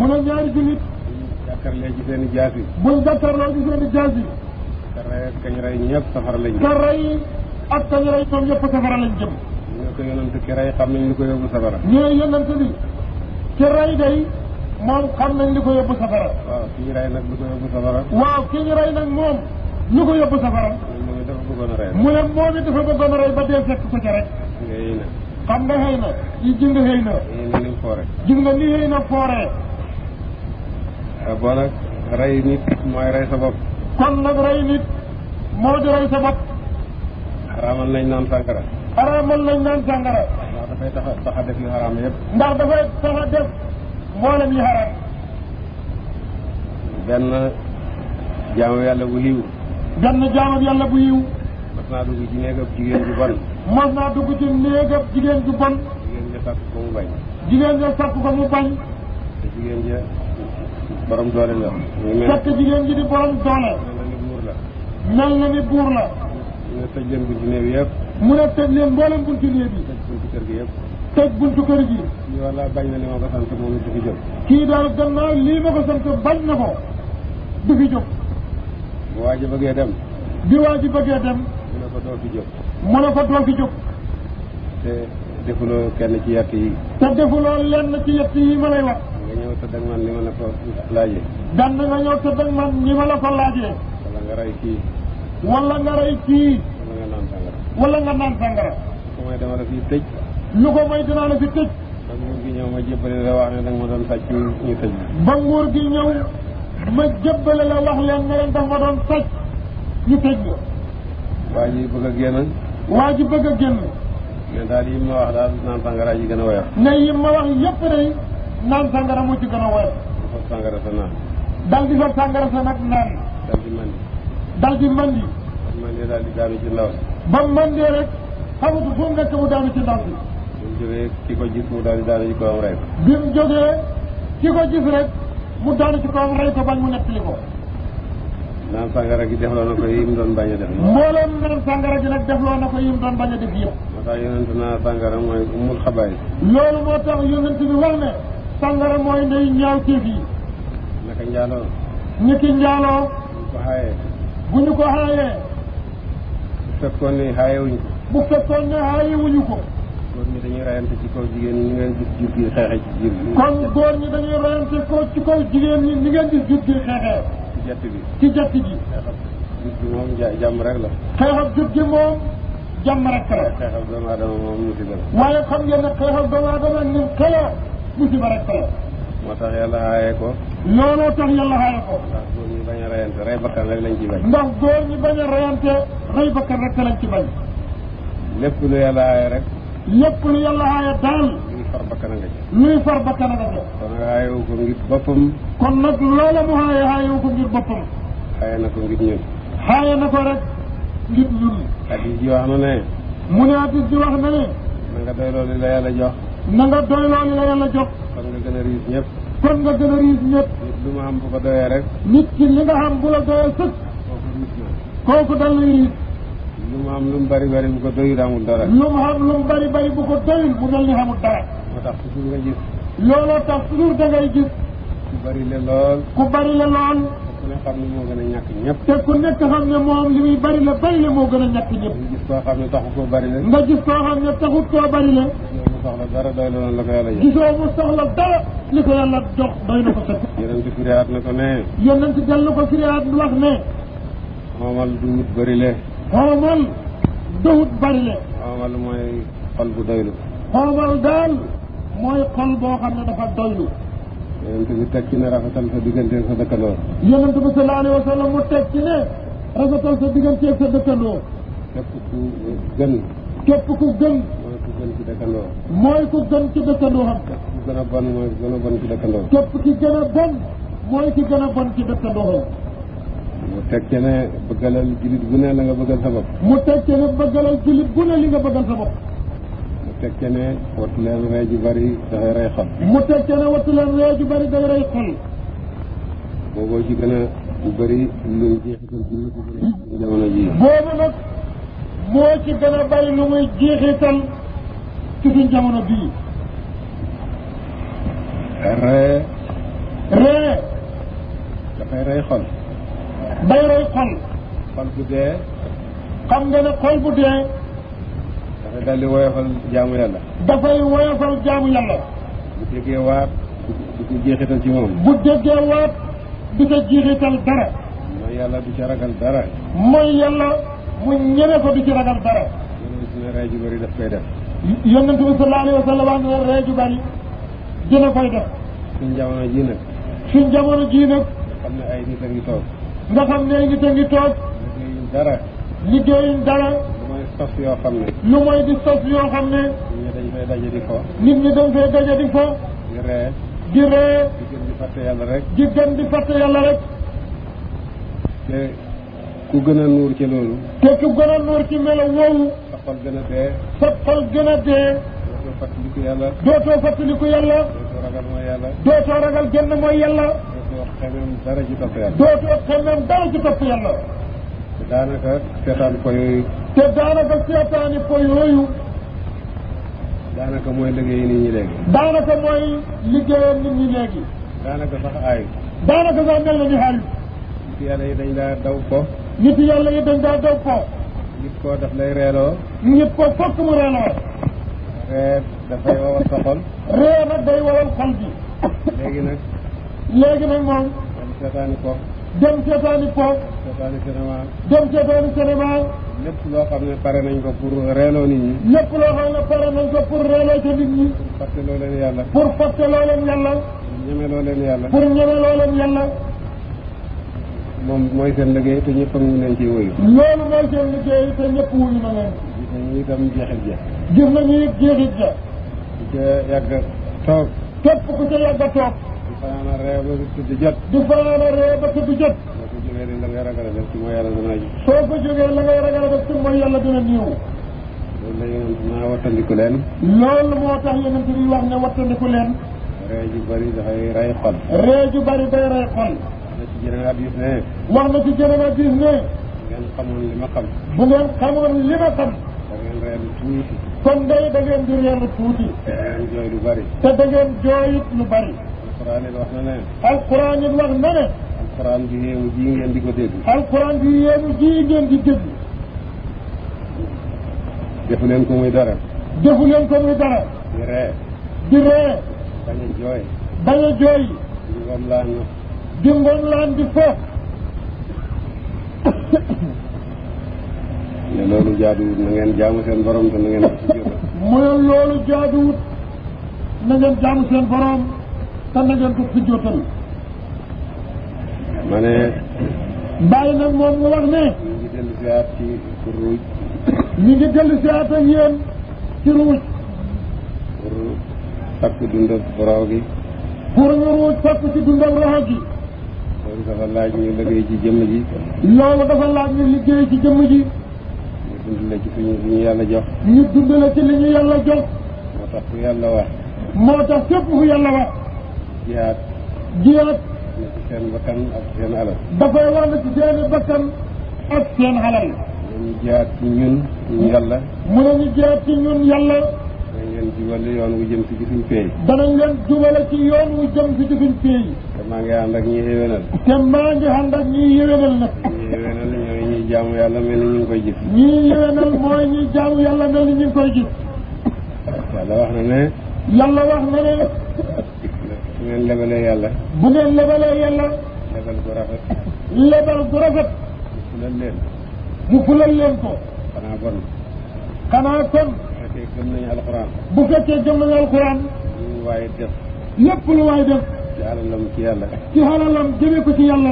mu ne ñaari jullit. jàkkaarloo ci seen i jaas yi. buñ jàkkaarloo ci seen i jaas yi. ka rey ak kañ rey ñëpp safara lañ jëm. ka rey ak kañ rey ñoom ñëpp safara lañ jëm. ñoo ko yonent ki rey xam nañ li ko yóbbu safara. ñoo yonent bi ki rey xam nañ li ko yóbbu safara. waaw ki ñu rey nag ko yóbbu safara. waaw ki ñu rey nag moom li ko yóbbu safara. moom it dafa bëggoon a rey. mu ne moom it dafa bëggoon a rey ba dee fekk ko ca rek. xam nga xëy na. yi ji nga xëy na. ni foore. ji nga ni xëy foore. bon nag rey nit mooy rey sa kon nag rey nit moo di rey sa bopp. nañ naan sàngara. xaraamal nañ naan sàngara. ndax dafay tax a tax a def li xaraam yëpp. ndax dafay tax a def mboolem li xaraam. benn jaamu yàlla bu yiw. benn jaamu yàlla bu yiw. mos naa dugg ci néegab jigéen ju bon. mos naa dugg ci néegab jigéen ju bon. jigéen ja sàpp ko mu bañ. jigéen ja sàpp ko mu bañ. te jigéen ja. borom doole nga. fekk jigéen ji di borom doole. mel na ni buur la. mu ne tëj leen bunti néew yëpp. mu ne tëj leen mboolem bunti néew bi. tëj buntu kër gi yëpp. tëj buntu kër gi. kii wala bañ na li ma ko sant moom du fi jóg. kii daal gannaaw lii na ko sant bañ na ko du fi jóg. bu waa bëggee dem. bi bëggee dem. mu ne ko doo fi jóg. mu ne ko doo fi jóg. te defuloo kenn ci yett yi. te defuloo lenn ci yett yi ma lay wax. nga ñëw tëdd ak man ni ma la ko laajee. daan na nga ñëw tëdd ak man ma la ko laajee. wala nga rey kii. wala nga rey kii. wala nga naan sangara. wala nga naan sangara. lu ko may dama lu ko may dinaa la fi tëj. ba nguur gi ñëw ma jébbale la wax ne nga ma doon sàcc ñu tëj la. ba nguur gi ma doon sàcc ñu tëj la. waa ji bëgg a génn. waa ji bëgg a génn. mais daal yi ma wax daal naan sangara ji gën a woyof. ne yi ma wax yëpp rek. naan sangara moo ci gën a woyof. soog sangara sa naan. dal di soog sangara sa nag naan. dal di mandi. dal di mandi. daal di daanu ci ndaw si. ba mandi rek xamatu fu mu nekk mu daanu ci ndaw bi mu jógee daal di daanu ci ko. bi mu jógee ki ko gis rek mu daanu ci kawam rey ko bañ mu nettali ko. naan sangara gi defloo na yi mu doon bañ a def. mboolem naan sangara gi nag na ko yi doon bañ a def loolu moo tax yonent bi wax ne. sàngara mooy ndey ñaaw téef yi naka njaaloo niki njaaloo bu ko xaayee bu ko xaayee bu fekkoon ne xaayewuñu ko bu fekkoon ne xaayewuñu ko góor ni dañuy rayante ci kaw jigéen ñi ni ngeen gis jur gi xeexee ci jur gi kon góor ñi dañuy rayante ko ci kaw jigéen ñi ni ngeen gis jur gi xeexee ci jett bi ci jett bi xeexab jur gi moom jàmm rek la xeexab jur gi moom jàmm rek la xeexab doomu aadama moom musiba la waaye xam ngeen ni xeloo musiba rek ko moo tax yàlla aaye ko. looloo tax yàlla aaye ko. ndax góor ñi bañ a reyante rey bakkan rek lañ bañ. ndax góor ñi bañ a reyante rey bakkan rek lañ bañ. lépp lu yàlla aaye rek. lépp lu yàlla aaye daal. luy far bakkan a nga ci. luy far bakkan a nga ci. ko ngir boppam. ko ngir boppam. aaye na ko ngir ñun. na ko rek ngir ñun. hadis ji na ne. mu ne hadis ji wax na ne. na nga doyloo li la yàlla jox. kon nga gën a riis ñëpp. kon nga gën a riis ñëpp. lu mu am bu ko doyee rek. nit ki li nga xam bu la doyee sëkk. lu am lu bari bari bu ko doyul amul dara. lu mu xam lu mu bari bari bu ko doyul mu mel ni xamul dara. moo tax toujours nga gis. looloo tax toujours da ku bari la lool. ku bari la lool. ku ne xam ne moo gën a ñàkk ñëpp. te ku nekk xam ne moom li muy bari la bari la moo gën ne taxut koo bari la. nga gis koo soxla dara doy na la ko yàlla jox. gisoo mu soxla dara li ko yàlla jox doy na ko set. yonent bi firiyaat na ko ne. yonent bi dal ko firiyaat du wax ne. xoomal duwut bëri le. xoomal duwut bëri le. xoomal mooy xol boo xam ne dafa doylu. yonent bi teg ci mu teg ne rafetal sa digganteeg sa dëkkandoor. képp ku gën. képp ku gën. gën ci dëkkandoo. mooy ku gën ci dëkkandoo xam. ku gën a bon mooy ku gën a bon ci dëkkandoo. képp ki gën a bon mooy ki gën a bon ci dëkkandoo xam. mu teg ci ne bëggalal jullit bu ne la nga bëggal sa bopp. mu teg ci ne bëggalal jullit bu ne li nga bëggal sa bopp. mu teg ci ne wattu leen ree ju bari dafay rey xol. mu teg ci ne wattu leen ree ju bari day rey xol. booboo ci gën a bëri lu jeexital ci lu jamono jii. boobu nag moo ci gën a bari lu muy jeexital. ci suñ jamono bii. ree. ree. dafay rey xol. day rey xol. xol bu dee. xam nga ne xol bu dee. dafay daldi woyofal jaamu yàlla. dafay woyofal jaamu yàlla. bu déggee waat du ko jeexital ci moom. bu déggee du ko jeexital dara. mooy yàlla du ci ragal dara. mooy yàlla mu ñeme ko du ci ragal dara. yéen a ngi rey ju bëri daf koy def. yonent bi sallallahu ree ju bari dina a def. suñ jamono jii nag. suñ jamono jii nag. nga xam ne ay nit a ngi toog. nga xam ne ay nit a ngi toog. liggéeyuñ dara. liggéeyuñ dara. lu mooy sos yoo xam ne. lu mooy di sos yoo xam ne. nit ñi dañ fay daje di fo. nit ñi dañ fay daje di fo. di ree. di ree. di gën di fàtte yàlla rek. di gën di fàtte yàlla rek. te ku gën a nuur ci loolu. te ku gën a nuur ci melo woowu. xol gën a dee. sa xol gën a dee. dootoo fàttaliku yàlla. dootoo fàttaliku yàlla. dootoo ragal mooy yàlla. dootoo ragal génn mooy yàlla. dootoo xemem dara ci topp yàlla. dootoo xemem dara ci topp yàlla. daanaka seetaan ko yooyu. te daanaka seetaani ko yooyu. daanaka mooy liggéey nit ñi léegi. daanaka sax aay. daanaka sax mel na ni xaalis. nit yàlla yi dañ daa daw ko. nit yàlla yi daw ko. gis ko daf lay reeloo mu ñëpp ko fokk mu reeloo ree dafay wowal sa xol ree nag day wowal xol bi léegi nag léegi nag moom dem seetaani pop dem seetaani pop seetaani cinéma dem seetaani cinéma lépp loo xam ne pare nañ ko pour reeloo nit ñi lépp loo xam ne pare nañ ko pour reeloo ca nit ñi pour fàtte loo leen yàlla pour fàtte loo leen yàlla pour ñeme loo leen yàlla pour ñeme loo leen yàlla moom mooy seen liggéey te ñëpp a ngi leen ciy wuyu. loolu mooy seen liggéey te ñëpp wuyu na leen. gis nañu itam jeexit ja. gis nañu it jeexit ja. di ca yàgg toog. képp ku ca yàgg toog. di fanaan a ree ba tëdd jot. di fanaan a ree ba tëdd jot. soo ko jógee la ngay ragal a def ci mooy yàlla dana ji. soo ko jógee la ngay ragal a def ci mooy yàlla dana niiw. loolu la yonent naa wattandiku leen. loolu moo tax yonent bi wax ne wattandiku leen. ree ju bari dafay rey xol. ree ju bari day rey xol. jëlee hadis ne. wax na ci jëlee hadis ne. bu ngeen xamoon li ma xam. bu ngeen xamoon li ma xam. da ngeen reer tuuti. kon day da ngeen di reer tuuti. te da ngeen jooy lu bari. te da ngeen jooyit lu na ne. alquran it wax na ne. alquran bi yéemu ji ngeen di ko dégg. alquran bi yéemu ji ngeen di dégg. defu leen ko muy dara. defu leen ko muy dara. di ree. di ree. bañ di ngoonlaan di foof ne loolu jaaduwut na ngeen jaamu seen borom te na ngeen mu ne loolu jaaduwut na ngeen jaamu seen borom te na ngeen ko si jotal ma ne bàyyi nag moom nga wax ne ñu ngi dellu siwaat ci ruuj ñu ngi dellu siwaat ak yéen ci ruuj pour takk dundal roxo gi pour nga ruuj takk ci dundal roxo gi dafa laaj ñu liggéey ci jëmm ji. loolu dafa laaj ñu liggéey ci jëmm ji. ñu dundale ci suñu suñu yàlla jox. ñu dundale ci li ñu yàlla jox. moo tax fu yàlla wax. moo tax fépp fu yàlla wax. jihaat. jihaat. na ci seen bakkan ak seen alal. dafay war na ci seen bakkan ak seen alal. mu ñu jihaat ci ñun ñun yàlla. mu ne ñu jihaat ci ñun yàlla. danañ leen jubale yoon wu jëm si ci suñ pay. danañ leen jubale ci yoon wu jëm si ci suñ pay. maa ngi ànd ak ñi yéwénal te maa ngi ànd ak ñi yéwénal nag ñi yéwénal ñooy ñi jaamu yàlla mel ni ñu ngi koy gis ñi yéwénal mooy ñi jaamu yàlla mel ni ñu ngi koy gis yàlla wax na ne yàlla wax na ne bu ngeen lebalee yàlla bu ngeen lebalee yàlla lebal gu rafet lebal gu rafet mu fulal leen mu fulal leen ko xanaa bon xanaa bu fekkee gëm nañu alxuraan bu fekkee gëm nañu alxuraan lu waaye def lépp lu waaye def ci alalam ci yàlla. ci alalam jëmee ko ci yàlla.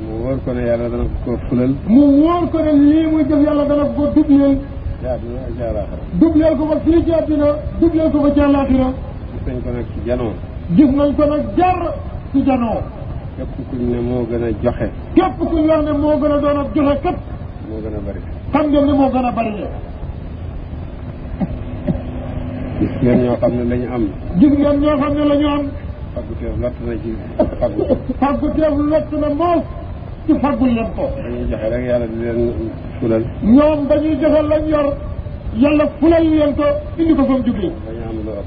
mu wóor ko ne yàlla dana ko fulal. mu wóor ko ne lii muy jëf yàlla dana ko dubleel. ci àdduna ak ci àllaaxira. dubleel ko ba fii ci àdduna dubleel ko ba ci àllaaxira. gis nañ ko nag ci janoo. gis nañ ko nag jar ci janoo. képp kuñ ne moo gën a joxe. képp kuñ wax ne moo gën a doon ak joxe képp. moo gën a bari. xam ngeen ne moo gën a bari gis ngeen ñoo xam ne la ñu am. gis ngeen ñoo xam ne la ñu am. faggu teef lott na ci faggu. faggu teef lott na moos ci faggu leen ko. dañuy joxe rek yàlla di leen fulal. ñoom dañuy joxe lañ yor yàlla fulal leen ko indi ko fa mu jugee. bañ am loo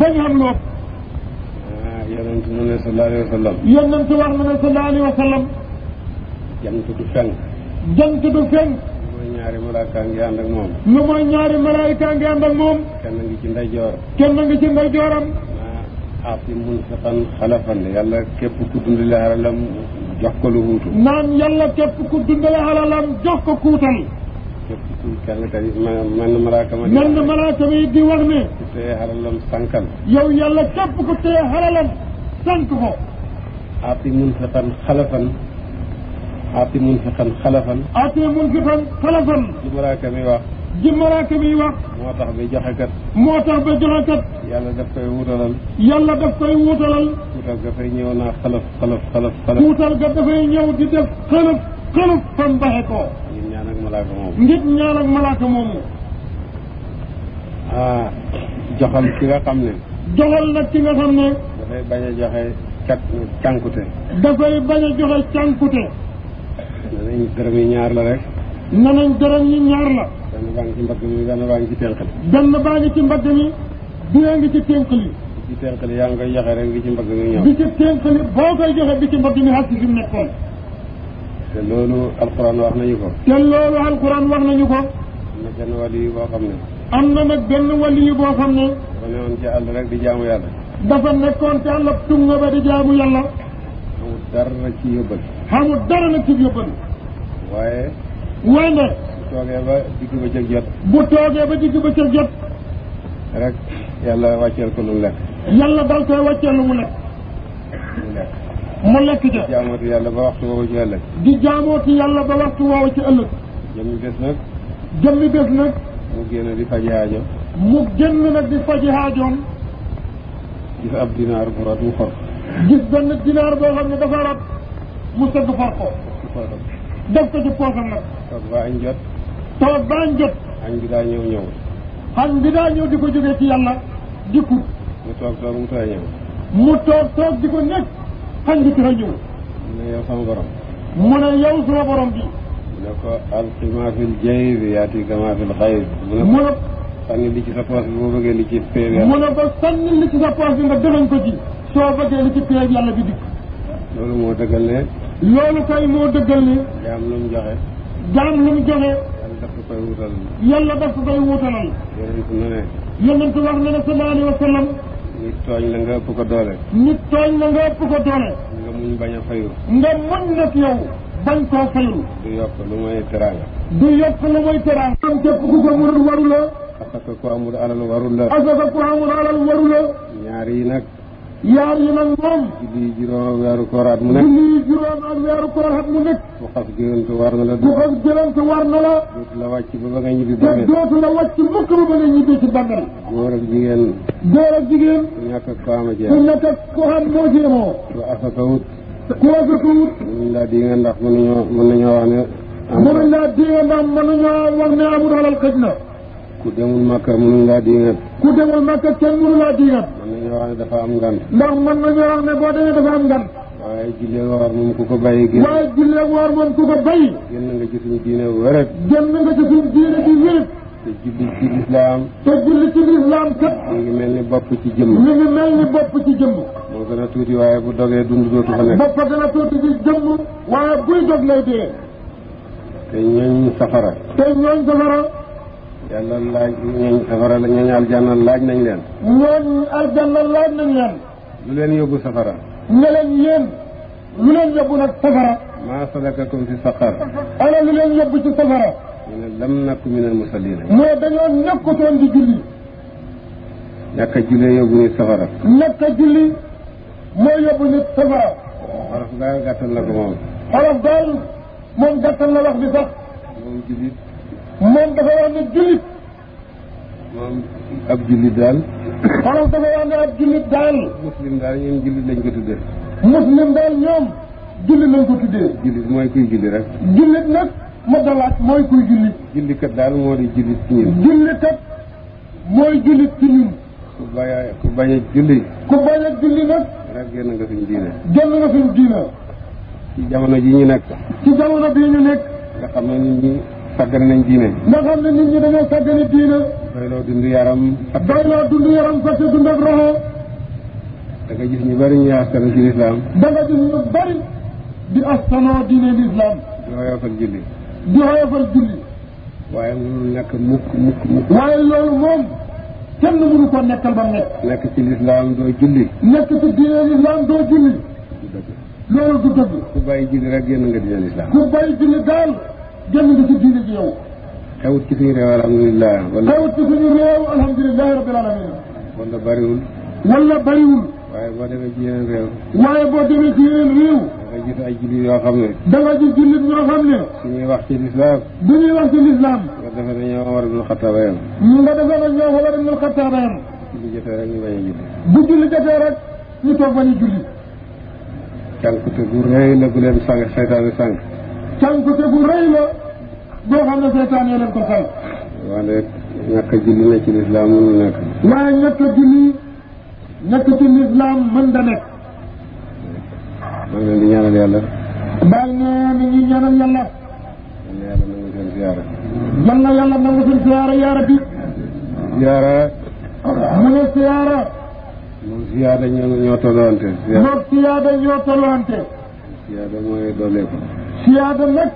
bañ am loo. Ah, yonent mu ne sallallahu alayhi wa sallam. yonent wax mu ne sallallahu alayhi wa sallam. jant du fenk. jant du fenk. lu mooy ñaari malaaka ngi ànd ak moom. lu mooy ñaari malaaka ngi ànd ak moom. kenn ngi ci ndeyjooram. kenn ngi ci ndeyjooram. aati munfiqan xalafan yàlla képp ku dundale alalam jox ko lu wuutu. naan yàlla képp ku dundale alalam jox ko kuutal. képp ku kenn kat it man malaaka ma. man malaaka mi di wax ne. ku téye alalam sànkal. yow yàlla képp ku téye alalam sànk ko. aati munfiqan xalafan. aati munfiqan xalafan. aati munfiqan xalafan. ji malaaka mi wax. ji malaaka mi wax. moo tax ba joxe kat. moo tax ba joxe kat. yàlla daf koy wutalal. yàlla daf koy wutalal. wutal ga fay ñëw naa xalaf xalaf xalaf xalaf. dafay ñëw di def xalaf xalaf fa ko. ngir ñaan ak malaaka moomu. ngir ñaan ak malaaka moomu. ah joxal nga xam ne. joxal nag ki nga xam ne. dafay bañ a joxe càkk cànkute. dafay bañ a joxe cànkute. danañ dërëm yi ñaar la rek. nanañ dërëm yi ñaar la. benn baa ngi ci mbagg mi benn baa ngi ci tenqal yi benn baa ngi ci mbagg mi bie ngi ci tenqal yi bi ci tenqal yi yaa ngi joxe rek bi ci mbagg mi ñëw bi ci tenqal yi boo koy joxe bi ci mbagg mi xas bi mu nekkoon te loolu alquran wax nañu ko te loolu alquran wax nañu ko am na benn wali yu boo xam ne am na nag benn wali yu boo xam ne dafa newoon ci àll rek di jaamu yàlla dafa nekkoon ci àll tunga ba di jaamu yàlla xamul dara ci yóbbal nag ci yóbbal waaye toogee ba digg ba cëg jot bu toogee ba digg ba cëg jot rek yàlla wàcceel ko lu mu lekk yàlla dal koy wàcceel lu mu lekk mu lekk mu lekk ca jaamooti yàlla ba waxtu woowu ci ëllëg di jaamooti yàlla ba waxtu woowu ci ëllëg jëmmi bés nag jëmmi bés nag mu génn di faji aajo mu génn nag di faji aajoom gis ab dinaar bu rot mu xor gis benn dinaar boo xam ne dafa rot mu sëgg for ko def ko ci poosam nag toog ba añ jot toog ba jot añ bi daa ñëw ñëw añ bi daa ñëw di ko jógee ci yàlla dikkut mu toog toog mu tooy ñëw mu toog toog di ko nekk añ bi tooy ñëw mu ne yow sama borom mu ne yow sama borom bi mu ne ko alqi maa fil jaybi yaatika maa fil xayb mu ne sànni li ci sa poos bi boo bëggee li ci péeg yàlla mu ne ko sànni li ci sa poos bi nga dëgañ ko ci soo bëggee li ci péeg yàlla bi dikk loolu moo dëggal ne loolu kay moo dëggal ne jaam lu mu joxe jaam lu daf ko koy wutal. yàlla daf ko koy wutalal. yonent na ne. yonent wax na ne sallallahu alayhi wa sallam. nit tooñ la nga ëpp ko doole. nit tooñ la nga ëpp ko doole. nga muñ bañ a fayu. nga muñ nag yow. bañ koo fayu. du yokk lu mooy teraanga. du yokk lu mooy teraanga. am képp ku ko mënul waru la. asaka ku amul alal waru la. asaka ku amul alal waru la. ñaar yi nag. yaar yi nag moom. julli juróom weeru koor mu nekk. julli weeru koor mu nekk. bu xas jëlante war na la. bu xas jëlante war na la. dootu la wàcc ba ba nga ñibbi ba mel. te dootu la wàcc mukk ba ku ñàkk ak ko am a jeex. ku ñàkk ak ko am moo ci yemoo. ku asaka wut. ku asaka wut. laa di ndax mënuñoo mën nañoo wax ne. mënuñ laa di na. ku demul makka mënuñ laa di ku demul Makka kenn mënu laa diiŋat. mën nañoo ne dafa am ngan. ndax mën na wax ne boo demee dafa am ngan. waaye julli woor moom ku ko bàyyi. génn waaye julli woor moom ku ko bàyyi. génn nga ci suñu diine wërëb. génn nga ci suñu diine di wërëb. te julli ci lislaam. te julli ci lislaam kat. mi ngi mel ni bopp ci jëmm. mi ngi mel ni bopp ci jëmm. moo gën a tuuti waaye bu dogee dund dootu fa nekk. bopp gën a tuuti ci jëmm. waaye buy dog lay dee. te ñooñ safara. te ñooñ safara. yàlla laaj ñu safara la ñooñu aljanna laaj nañ leen. ñooñu aljanna laaj nañ leen. lu leen yóbbu safara. ne leen yéen lu leen yóbbu nag safara. maa salakakum fi saqar. ana lu leen yóbbu ci safara. ñu ne lam nakku minal musallina. mais dañoo nekkutoon di julli. ñàkk a julli yóbbu nit safara. ñàkk a julli moo yóbbu nit safara. xaraf daal gàttal na ko moom. xaraf daal moom gàttal na wax bi sax. moom jullit. moom dafa wax ne jullit. moom ab jullit daal. xanaa dafa wax ab jullit daal. muslim daal ñoom jullit lañ ko tuddee. muslim daal ñoom. jullit lañ ko tuddee. jullit mooy kuy julli rek. jullit nag ma dalaat mooy kuy julli. jullikat daal moo di jullit ci ñun. jullikat mooy jullit ci ñun. ku bañ a ku bañ a julli. ku bañ a julli nag. rek génn nga suñu diine. génn nga suñu diine. ci jamono ji ñu nekk. ci jamono bii ñu nekk. nga xam ne nit ñi. sàggane nañ diine. nga xam ne nit ñi dañoo sàggane diine. doyloo dund yaram. doyloo dund yaram fàtte gis ñu bëri ñuy askanu ci lislaam. da nga ñu julli. nekk mukk mukk mukk. waaye loolu moom kenn mënu ko doo julli. nekk ci diine lislaam doo julli. loolu du dëgg. ku julli rek génn nga diine lislaam. ku julli daal. génn nga ci diine ji yow. xewut ci suñu réew alhamdulilah. wala xewut ci suñu réew alhamdulilah rabbil alamin. wala bariwul. wala bariwul. waaye boo demee ci yeneen réew. waaye boo demee ci yeneen réew. da nga gis ay jullit yoo xam ne. da nga gis jullit yoo xam ne. suñuy wax ci lislaam. bu ñuy wax ci lislaam. nga defee dañoo war a dul xattaaba yam. nga defee dañoo war a dul xattaaba yam. julli jotee rek ñu bañ a julli. bu julli jotee rek ñu toog bañ a julli. cànk te bu rëy la bu leen sang seytaane sang. cànkute bu rëy la boo xam ne seytaan yi leen ko xel. waaye ñàkk a julli na ci lislaam mënul nekk. waaye ñàkk a julli ñàkk ci lislaam mën da nekk. maa ngi leen di ñaanal yàlla. bàyyi ne ni ñuy ñaanal yàlla. yàlla nangu seen ziyaara. yàlla yàlla nangu seen ziyaara yaara bi. ziyaara. mu ne ziyaara. moom ziyaara ñoo ñoo tolloonte. ziyaara moom ziyaara ñoo tolloonte. ziyaara mooy dooleeku. siyaada nag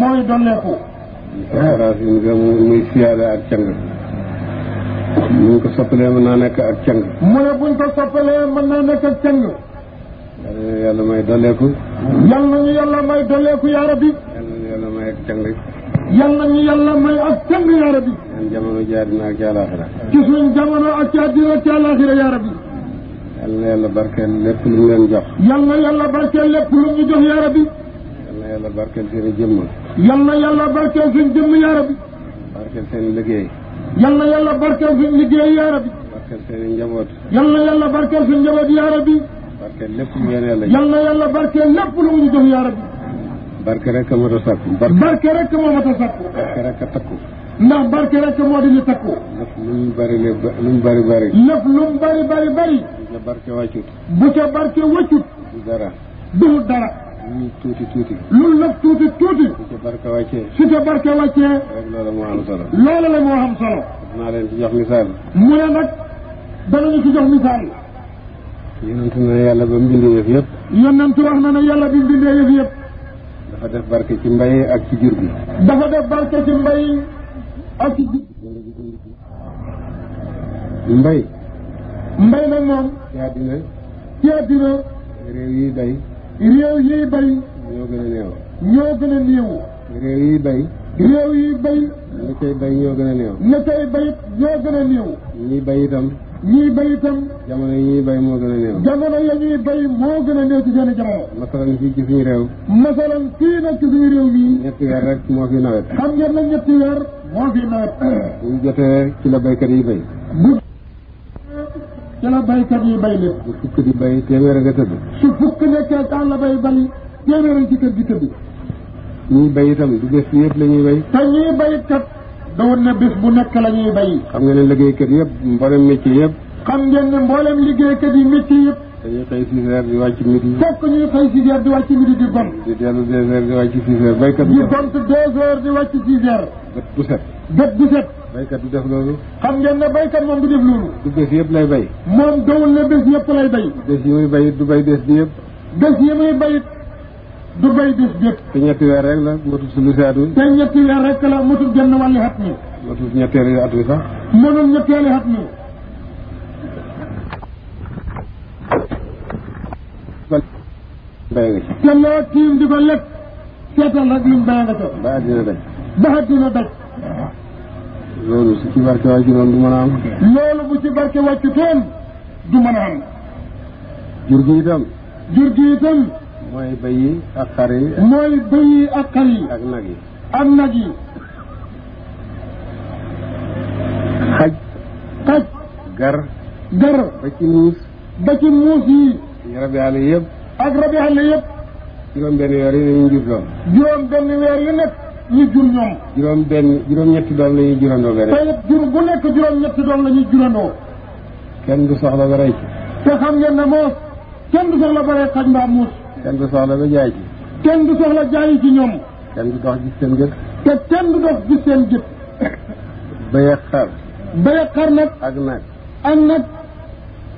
mooy dolleeku. xaraasin nga muy siyaada ak càng. buñ ko soppalee mën naa nekk ak càng. mu ne buñ ko soppalee mën naa nekk ak càng. yàlla may dolleeku. yal nañu yàlla may dolleeku yaa rabbi. yal nañu yàlla may ak càng. yal nañu yàlla may ak càng yaa rabbi. seen jamono ci àddina ak ci àllaaxira. ci suñ jamono ak ci àddina ak ci àllaaxira yaa rabbi. yal na yàlla barkeel lépp lu mu leen jox. yal yàlla barkeel lépp lu ñu jox yaa rabbi. yàlla barkeel seen i jëmm. yal na yàlla barkeel seen jëmm yaa rabbi. barkeel seen i liggéey. yal na yàlla barkeel seen liggéey yaa rabbi. barkeel seen i njaboot. yal na yàlla barkeel seen njaboot yaa rabbi. barkeel lépp lu yéene la. yal na yàlla barkeel lépp lu mu jëf yaa rabbi. barke rek a mot a sakku. barke rek a mot a sakku. barke rek a takku. ndax barke rek moo di ñu takku. lépp lu mu bari le lu mu bari bari. lépp lu mu bari bari bari. bu ca barke wàccut. bu ca barke wàccut. du dara. du dara. lu tuuti tuuti. loolu nag tuuti tuuti. su ca barke wàccee. su sa barke wàccee. rek loola moo am solo. loola la moo am solo. mu ne nag danañu ci jox misaal. yonent na yàlla ba mbindee yëf yëpp. yonent wax na ne yàlla bi mbindee yëf yëpp. dafa def barke ci mbay ak ci jur bi. dafa def barke ci mbay ak ci jur. mbay. mbay nag moom. ci àddina. ci àddina. réew yi day. réew yi bay. ñoo gën a néew. ñoo gën a néew. réew yiy bay. réew yiy bay. ñi koy bay ñoo gën a néew. ñi koy bay ñoo gën a néew. ñiy bay itam. ñiy bay jamono yi ñuy bay moo gën a néew. jamono ya ñuy bay moo gën a néew ci seen i jamono. masalan fii ci réew. masalan fii nag ci suñu réew mii. ñetti weer rek moo fi nawet. xam ngeen nag ñetti weer. moo fi nawet. bu ñu jotee ci la baykat yi bay. ca la baykat yi bay lépp. su fukk di bay téeméer nga tëdd. su fukk nekkee daan la bay bari téeméer ci kër gi tëdd. ñuy bay itam du bés yëpp la ñuy bay. te ñuy bay kat dawut na bés bu nekk la ñuy bay. xam nga ne liggéeykat yëpp mboolem métier yëpp. xam ngeen ne mboolem liggéeykat yi métier yëpp. dañuy xëy six heures di wàcc midi. fekk ñuy xëy six heures di wàcc midi di gont. di dellu deux heures di wàcc six baykat bi. di gont deux heures di wàcc six heures. gët bu baykat du def loolu xam ngeen ne baykat moom du def loolu du bés yëpp lay bay moom dowul ne bés yëpp lay bay bés yi muy bayit du bay bés bi yëpp bés yi muy bayit du bay bés bi yëpp te ñetti weer rek la matul sulu saatu te ñetti weer rek la matul genn wàlli at mi matul ñetteelu at wi sax mënul ñetteelu at mi bay te loo tiim di ko lekk seetal rek lu mu bay nga ca ba àddina daj ba àddina daj loolu su ci barke wàccutoon du mën a am. loolu bu ci barke wàccutoon du mën a gi itam. jur gi itam. mooy bëy yi ak xar yi. mooy bëy yi ak xar ak nag xaj. xaj. gar. gar. ba ci muus. ba ci muus yi. rabi ak rabi àll yëpp. juróom yi ne ñu jur doom. ñi jur ñoom. juróom benn juróom-ñetti doom la ñuy jurandoo beneen. tey jur nekk juróom-ñetti doom la ñuy kenn du soxla ba rey ci. te xam ngeen ne moos kenn du soxla ba rey xaj mbaa muus. kenn du soxla jaay ci. kenn du soxla jaayi ci ñoom. kenn du dox gis seen gët. te kenn du seen gët. bëy ak xar. ak xar nag. ak nag. ak nag.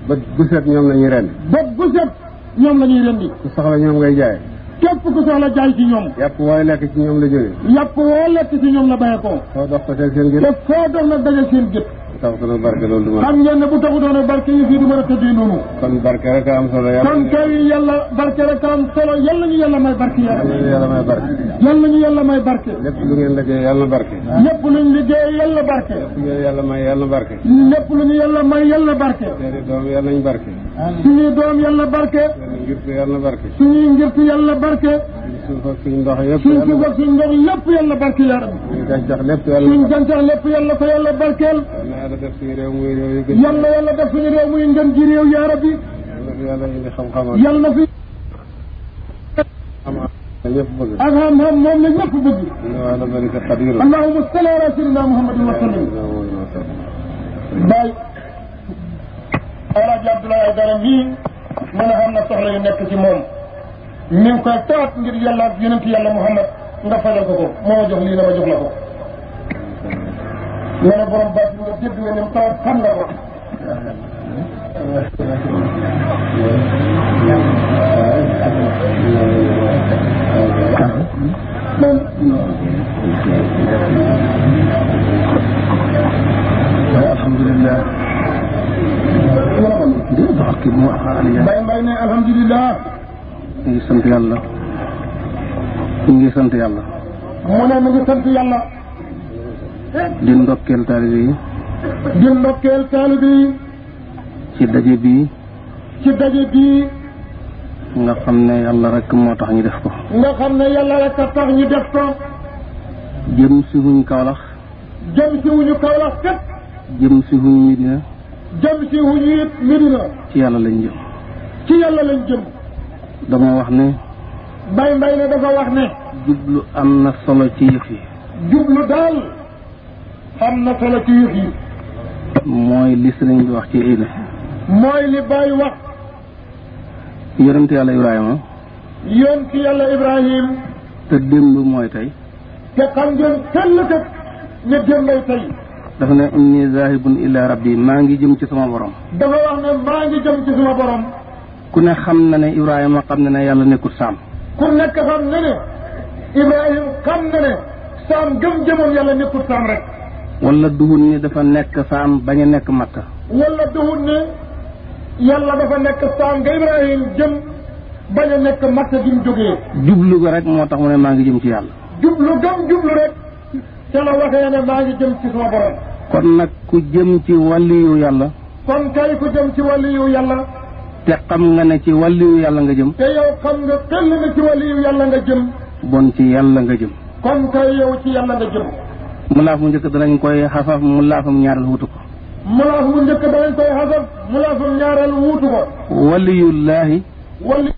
bët bu set ñoom la ñuy rendi. bët bu set ñoom la rendi. ku soxla ngay jaay. képp ku soxla jaay ci ñoom yàpp woo lekk ci ñoom la jógee yàpp woo lekk ci ñoom la bayee ko soo dox taseeg seen gét te soo dox nag dajeeg seen gét taxutoon barke loolu du ma xam ngeen ne bu taxutoon barke yi fii du mën a tëddee noonu kon barke rek am solo yàlla kon kay yàlla barke rek am solo yàlla ñu yàlla may barke yàlla ñu yàlla may barke yàlla ñu yàlla may barke lépp lu ngeen liggéey yàlla barke lépp lu ñu liggéey yàlla barke lépp lu ñu yàlla may yàlla barke lépp lu ñu yàlla may yàlla barke seeni doom yàlla ñu barke suñuy doom yàlla barke. suñuy ngirtu yàlla barke. suñuy ngirtu yàlla barke. suñ suuf ak suñ ndox yëpp. suñ suuf ak suñ ndox lépp yàlla barke yaa rabbi. suñ gàncax lépp yàlla. suñ gàncax lépp yàlla ko yàlla barkeel. yàlla def suñu réew muy réew yu gën. yàlla yàlla def suñu réew muy ngën ji réew yaa rabbi. yàlla indi xam-xam. yàlla na fi. ñëpp bëgg ak xam-xam moom la ñëpp bëgg. allahumma salli ala sayyidina muhammadin wa sallim. baay. El Hadj Abdoulaye Aïdara mii mën a xam na soxla yu nekk ci moom mi ngi koy taat ngir yàlla ak yonent yàlla Muhammad nga fajal ko ko moo ma jox lii na ma jox la ko. nga ne borom bàtt nga dégg nga ne taw xam nga ko. mu alhamdulilah. mbay mbay ne alhamdulilah. ñu ngi sant yàlla. ñu ngi sant yàlla. mu ne mi ngi sant yàlla. di ndokkeel taalibe yi. di ndokkeel taalibe yi. ci daje bii. ci daje bii. nga xam ne yàlla rek moo tax ñu def ko. nga xam ne yàlla rek tax ñu def ko. jëm si wuñu Kaolack. jëm si wuñu Kaolack kat. jëm si wuñu Medina. jëm si wu ñu it Medina. ci yàlla lañ jëm. ci yàlla lañ jëm. dama wax ne. mbay mbay ne dafa wax ne. jublu am na solo ci yëf yi. jublu daal am na solo ci yëf yi. mooy li sëriñ bi wax ci ilm. mooy li Baye wax. yonent yàlla Ibrahima. yonent yàlla Ibrahima. te démb mooy tey. te xam ngeen kenn teg ne démbay tey. dafa ne inni zahibun ila rabbi maa ngi jëm ci sama borom. dafa wax ne maa ngi jëm ci sama borom. ku ne xam na ne Ibrahima xam na ne yàlla nekkul saam. ku nekk xam na ne Ibrahima xam na saam gëm jëmoon yàlla nekkul saam rek. wala duhun ni dafa nekk saam bañ a nekk makka. wala duhun ni yàlla dafa nekk saam nga Ibrahima jëm bañ a nekk makka gi mu jógee. jublu ko rek moo tax mu ne maa ngi jëm ci yàlla. jublu gam jublu rek. te la waxee ne maa ngi jëm ci kon nag ku jëm ci wàlliyu yàlla kon kay ku jëm ci wàlliyu yàlla te xam nga ne ci wàlliyu yàlla nga jëm te yow xam nga xel na ci wàlliyu jëm bon ci yàlla nga jëm kon kay mu njëkk danañ ko mu laaf mu ko waliyullaahi wali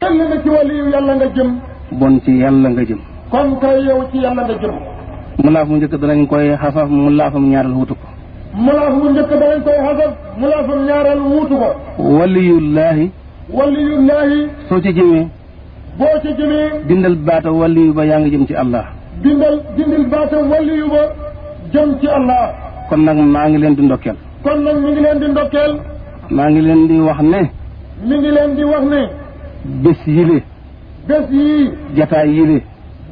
xel ci wàlliyu yàlla nga jëm bon ci yàlla nga jëm kon kay yow ci yàlla nga jëm mu laaf mu njëkk danañ koy xasaf mu laafam ñaareel ko mu laaf mu njëkk danañ koy xasaf mu ko waliyullaahi waliyullaahi soo ci jëmee boo ci jëmee dindal baata waliyu ba yaa ngi jëm ci allah dindal dindal baata waliyu ba jëm ci allah kon nag maa ngi leen di ndokkeel kon nag mi ngi leen di ndokkeel maa ngi leen di wax ne mi ngi leen di wax ne bés yile bés yii jataay yile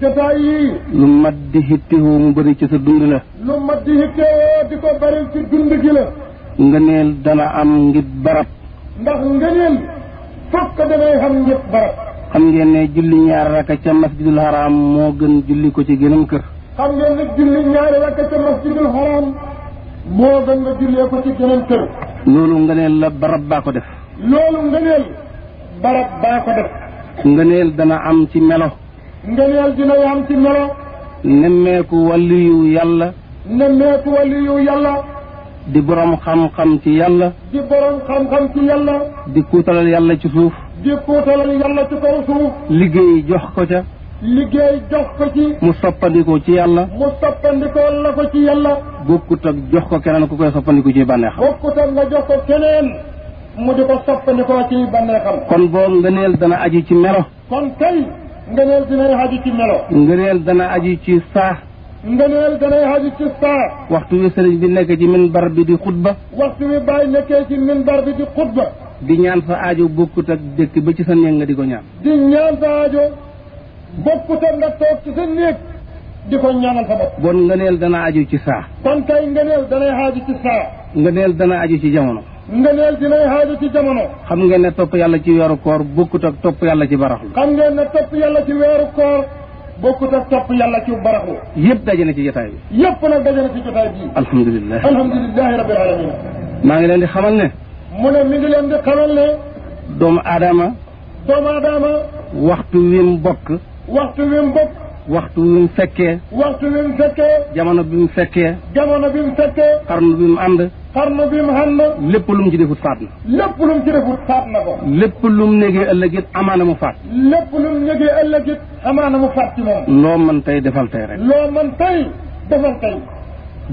jotaay yii lu mat di hittewoo mu bëri ci sa dund la lu mat di hittewoo di ko bari ci dund gi la ngëneel dana am ngir barab ndax ngëneel fokk danay xam ngir barab xam ngeen ne julli ñaari rakka ca masjidul haram moo gën julli ko ci gënam kër xam ngeen ne julli ñaari ko ci gënam kër loolu ngëneel la barab baa ko def loolu ngëneel barab baa ko def ngëneel dana am ci melo ngëneel dina yaam ci melo nemmeeku waliyu yàlla nemmeeku waliyu yàlla di borom xam-xam ci yàlla di borom xam-xam ci yàlla di kuutalal yàlla ci suuf di kuutalal yàlla ci kaw suuf liggéey jox ko ca liggéey jox ko ci mu soppandikoo ci yàlla mu soppandikoo la ko ci yàlla bokkut ak jox ko keneen ku koy soppandiku ci bànneex bokkut ak nga jox ko keneen mu di ko soppandikoo ci bànneexam kon boo ngëneel dana aju ci melo kon kay ngëneel dina ci melo. ngëneel dana aju ci saa. ngëneel danay aju ci saa. waxtu wi sëriñ bi nekk ci minbar bi di xutba. waxtu wi bàyyi nekkee ci minbar bi di xutba. di ñaan sa aajo bokkut ak dëkk ba ci sa néeg nga di ko ñaan. di ñaan sa aajo bokkut ak nga toog ci sa néeg di ko ñaanal sa bon ngëneel dana aju ci saa. kon kay ngëneel danay aju ci saa. ngëneel dana aju ci jamono. ngëneel dinay xaaju ci jamono xam ngeen ne topp yàlla ci weeru koor bokkut ak topp yàlla ci baraxlu xam ngeen ne yàlla ci weeru koor bokkut ak topp yàlla ci baraxlu yëpp daje na ci jotaay bi yëpp nag daje na ci jotaay bi alhamdulilah alhamdulilahi rabbil alamin maa ngi leen di xamal ne mu ne mi ngi leen di xamal ne doomu aadama doomu aadama waxtu wi mu bokk waxtu wi mu waxtu wi mu fekkee waxtu wi mu fekkee jamono bi mu fekkee jamono bi mu xarnu bi mu ànd xarnu bi mu ànd lépp lu mu ci defut faat na lépp lu mu ci defut faat na ko lépp lu mu négee ëllëg amaana mu faat lépp lu mu négee ëllëg it amaana mu faat ci moom loo mën tey defal tey rek loo mën tey defal tey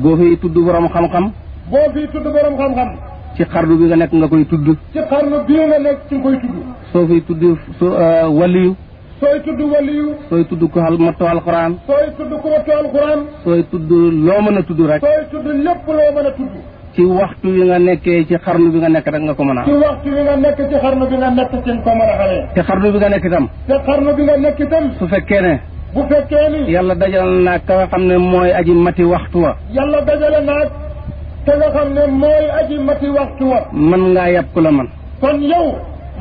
boo fiy tudd borom xam-xam boo fiy tudd borom xam-xam ci xarnu bi nga nekk nga koy tudd ci xarnu bii nga nekk ci koy tudd soo fiy tudd so euh, waliyu sooy tudd waliyu sooy tudd ko al mattoo alxuraan sooy tudd ko mattoo alxuraan sooy tudd loo mën a tudd rek sooy tudd lépp loo mën a tudd ci waxtu wi nga nekkee ci xarnu bi nga nekk rek nga ko mën a ci waxtu wi nga nekk ci xarnu bi nga nekk ci nga ko mën a xalee te xarnu bi nga nekk itam te xarnu bi nga nekk itam su fekkee ne bu fekkee ni yàlla dajal naag ka nga xam ne mooy aji mati waxtu wa yàlla dajale naag te nga xam ne mooy aji mati waxtu wa mën ngaa yab ku la man kon yow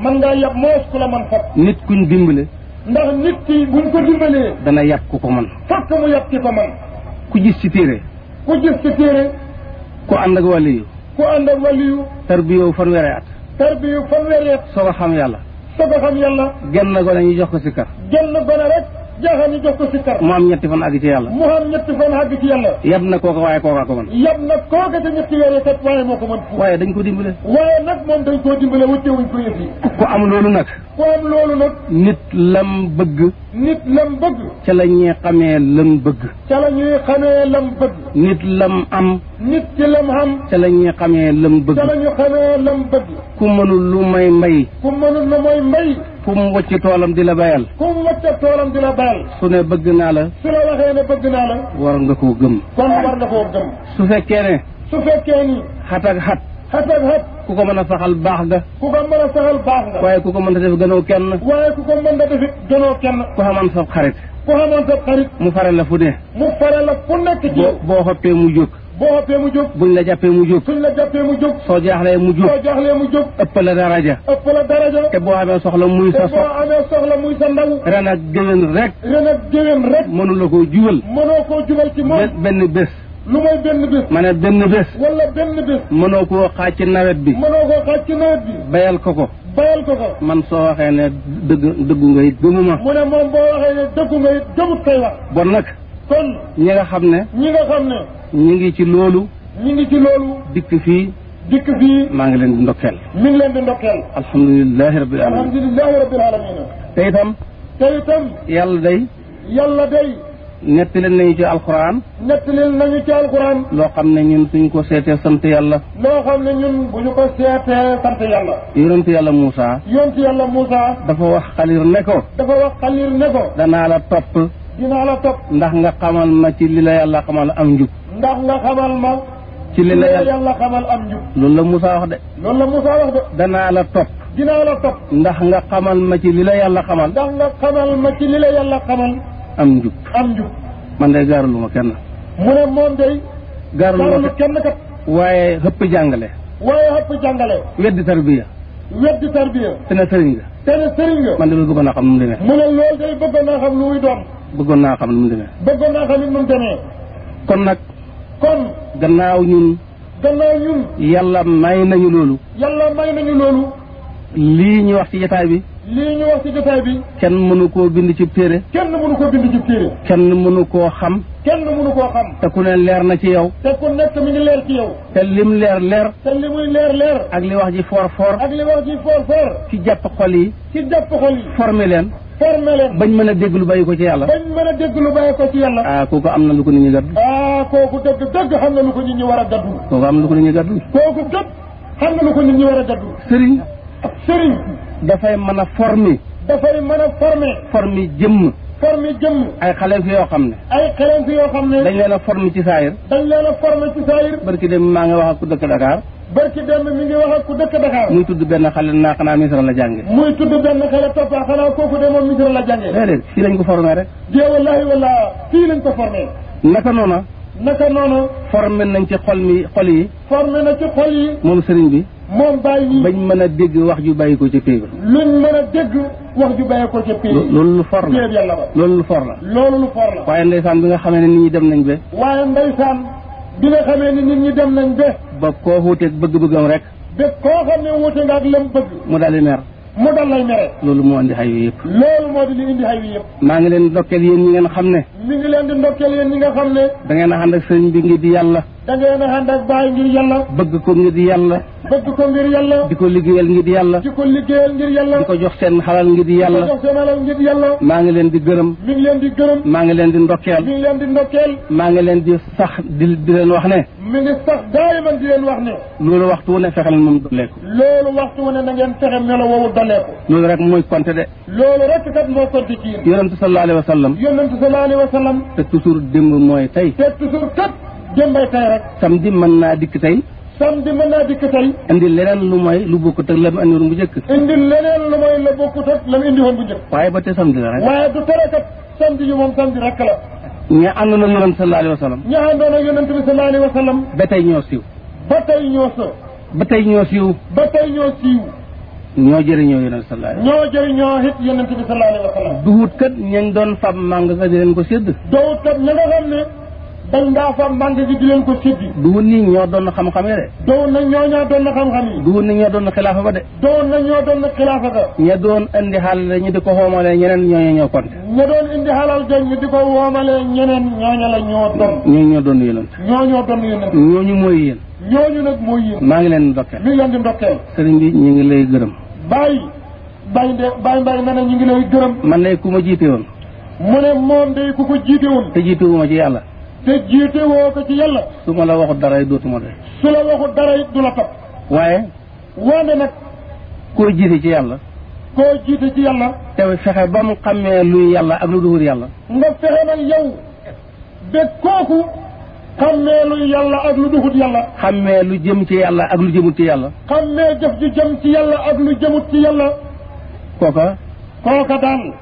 mën ngaa yab moos ku la man fat nit kuñ dimbale ndax nit ki buñ ko dimbalee. dana yàq ko man fokk mu yàq ki ko man ku gis ci téere ku gis ci téere ku ànd ak wàliyu ku ànd ak wàliyu tarbiyo fanweeri at tarbiyo fanweeri soo ko xam yàlla soo ko xam yàlla genn gone ñu jox ko si kar genn gone rek jaaxal ñu jox ko sikkar mu am ñetti fan àgg ci yàlla mu am ñetti fan àgg ci yàlla yab na kooka waaye kooka ko mën yab na kooka te ñetti weer kat waaye moo ko mën waaye dañ ko dimbale waaye nag moom dañ koo dimbale wuttewuñ ko yëf yi am loolu nag ku am loolu nag nit lam bëgg nit lam bëgg ca la ñuy xamee lam bëgg ca la ñuy xamee lam bëgg nit lam am nit ci lam am ca la ñuy xamee lam bëgg ca la ñu xamee lam bëgg ku mënul lu may mbay ku mënul lu may mbay ku mu wacc toolam di la bayal ku mu wacc toolam di la bayal su ne bëgg naa la su la waxee ne bëgg naa la war nga koo gëm kon war nga koo gëm su fekkee ne su fekkee ni xat ak xat xat ak xat ku ko mën a saxal baax nga ko mën baax nga waaye ku ko mën a def gënoo kenn waaye ku ko mën kenn ku xaman sa xarit ku xaman sa xarit mu fare la fu ne mu fare la fu nekk ci boo xoppee mu jóg boo xoppee mu jóg buñ la jàppee mu jóg la jàppee mu jóg soo jaaxlee mu jóg soo jaaxlee mu jóg ëpp la daraja ëpp la daraja te boo amee soxla muy sa sox boo muy sa ndaw ren ak géwén rek ren ak géwén rek mënu koo jubal mënoo benn bés lu mooy benn bés ma ne benn bés wala benn bés mënoo koo xaaj ci nawet bi mënoo koo xaaj ci nawet bi bayal ko ko bayal ko ko man soo waxee ne dëgg dëggu ngay it gëmu ma mu ne moom boo waxee ne dëggu nga it gëmut koy wax bon nag kon ñi nga xam ne ñi nga xam ne ñi ngi ci loolu ñi ngi ci loolu dikk fii dikk fii maa ngi leen di ndokkeel mi ngi leen di ndokkeel alhamdulilahi rabbil alamin alhamdulilahi rabbil yàlla day yàlla day nettali nañu ci alxuraan. nettali nañu ci alxuraan. loo xam ne ñun suñ ko seetee sant yàlla. loo xam ne ñun bu ñu ko seetee sant yàlla. yonent yàlla Moussa. yonent yàlla Moussa. dafa wax xalir ne ko. dafa wax xalir ne ko. danaa la topp. dinaa la topp. ndax nga xamal ma ci li la yàlla xamal am njub. ndax nga xamal ma. ci li la yàlla xamal am njub. loolu la Moussa wax de. loolu la Moussa wax de. danaa la topp. dinaa la topp. ndax nga xamal ma ci li la yàlla xamal. ndax nga xamal ma ci li la yàlla xamal. am njub am njub man day gaaralu ma kenn mu ne moom day gaaralu ma kenn kat waaye xëpp jàngale waaye xëpp jàngale weddi tarbiya weddi tarbiya te ne sëriñ nga te ne sëriñ nga man de loolu bëggoon naa xam nu mu demee bëggoon naa xam lu bëggoon naa xam nu mu demee bëggoon naa xam nu mu demee kon nag kon gannaaw ñun gannaaw ñun yàlla may nañu loolu yàlla may nañu loolu lii ñu wax ci jotaay bi lii ñu wax ci jotaay bi. kenn mënu koo bind ci téere. kenn mënu koo bind ci téere. kenn mënu koo xam. kenn mënu koo xam. te ku ne leer na ci yow. te ku nekk mi ngi leer ci yow. te lim leer leer. te li muy leer leer. ak li wax ji foor foor. ak li wax ji foor foor. ci jàpp xol yi. ci jàpp xol yi. leen. leen. bañ mën a dégg lu bàyyi ko ci yàlla. bañ mën a dégg lu bàyyi ko ci yàlla. ah kooku am na lu ko nit ñi gàddu. ah kooku dëgg dëgg xam na lu ko nit ñi war a gàddu. kooku am na lu ko nit ñi gàddu. kooku dëgg xam na lu ko nit ñi war a gàddu. sëriñ. sëriñ. dafay mën a former. dafay mën a former. former jëmm. former jëmm. ay xale fi yoo xam ne. ay xale fi yoo xam ne. dañ leen a former ci saayir. dañ leen a former ci saayir. barki dem maa ngi wax ak ku dëkk Dakar. barki démb mi ngi wax ak ku dëkk Dakar. muy tudd benn xale naa xanaa misra la jànge muy tudd benn xale toppaa xanaa kooku de moom misra la jànge déedéet fii lañ ko formé rek jee wallaahi wala fii lañ ko formé naka noona naka noona formé nañ ci xol mi xol yi formé na ci xol yi moom bi moom bàyyi. bañ mën a dégg wax ju bàyyi ko ca pay ba. luñ a dégg wax ju bàyyi ko ca pay. loolu lu for la loolu lu for la. loolu lu waaye ndeysaan bi nga xamee ne nit ñi dem nañ be. waaye ndeysaan bi nga xamee ne nit ñi dem nañ be. ba koo wuuteeg bëgg-bëggam rek. ba koo xam ne wuute nga ak lam bëgg. mu daal di mer. mu dal lay mere. loolu moo indi xay wi yëpp. loolu moo di li indi xay wi yëpp. maa ngi leen ndokkeel yéen ñi ngeen xam ne. mi ngi leen di ndokkeel yéen ni nga xam ne. da ngeen a ànd ak sëriñ bi ngi di yàlla. da ngeen a ànd ak bàyyi ngir yàlla bëgg ko ngir yàlla bëgg ko ngir yàlla di ko liggéeyal ngir yàlla di ko liggéeyal ngir yàlla di ko jox seen xalal ngir yàlla di ko jox seen maa ngi leen di gërëm mi leen di gërëm maa ngi leen di ndokkeel mi ngi leen di ndokkeel maa ngi leen di sax di leen wax ne mi ngi sax daayiman di leen wax ne loolu waxtu wu ne fexe na moom dolleeku loolu waxtu wu ne na ngeen fexe melo woowu dolleeku loolu rek mooy compté de loolu rek kat moo compté ci yéen yonente sallallahu alayhi wa sallam yonente sallallahu alayhi wa sallam te toujours démb mooy tey te toujours kat démbay tey rek. samedi mën naa dikk tey. samedi naa dikk tey. indi leneen lu mooy lu bokkut ak la mu indi woon bu njëkk. indi leneen lu mooy la bokkut ak la indi woon bu njëkk. waaye ba tey samedi la rek. waaye du tere kat samedi yu moom samedi rek la. ña àndoon ak yonent sallallahu alayhi wa sallam. ña àndoon ak yonent bi sallallahu alayhi wa sallam. ba tey ñoo siiw. ba tey ñoo sa. ba tey ñoo siiw. ba tey ñoo siiw. ñoo jëriñoo yonent sallallahu alayhi ñoo jëriñoo it yonent bi sallallahu alayhi wa sallam. duhut kat ñañ doon fab màng sax di leen ko sédd. dohut kat ña nga dañ ngaa fa màng gi di leen ko séddi duwun ni ñoo doon xam-xam ya de doon na ñoo ñoo doon xam-xam yi duwun ni ñoo doon na xilaafa ba de doon na ñoo doon xilaafa ba ña doon indi xaalal ñi di ko xoomalee ñeneen ñoo konte ña doon indi xaalal de ñi di ko woomalee ñeneen ñooñu la ñoo doon ñooñu ñoo doon yéen ñoo ñoo doon yéen ñooñu mooy yéen ñooñu nag mooy yéen maa ngi leen ndokkeel mi ngi leen di ndokkeel sëriñ bi ñu ngi lay gërëm bàyyi bàyyi de bàyyi mbay na ñu ngi lay gërëm man lay ku ma jiite woon mu ne moom day ko jiite woon te jiite wu te jiite woo ko ci yàlla. su ma la waxut dara it dootuma de. su la waxut dara it du la topp. waaye. waane nag. koo jiite ci yàlla. koo jiite ci yàlla. te fexe ba mu xàmmee luy yàlla ak lu yàlla. nga fexe nag lu yàlla ak lu duxut yàlla xammee lu ci yàlla ak lu jëmut ci yàlla jëm ci yàlla ak lu jëmut ci yàlla kooka kooka daal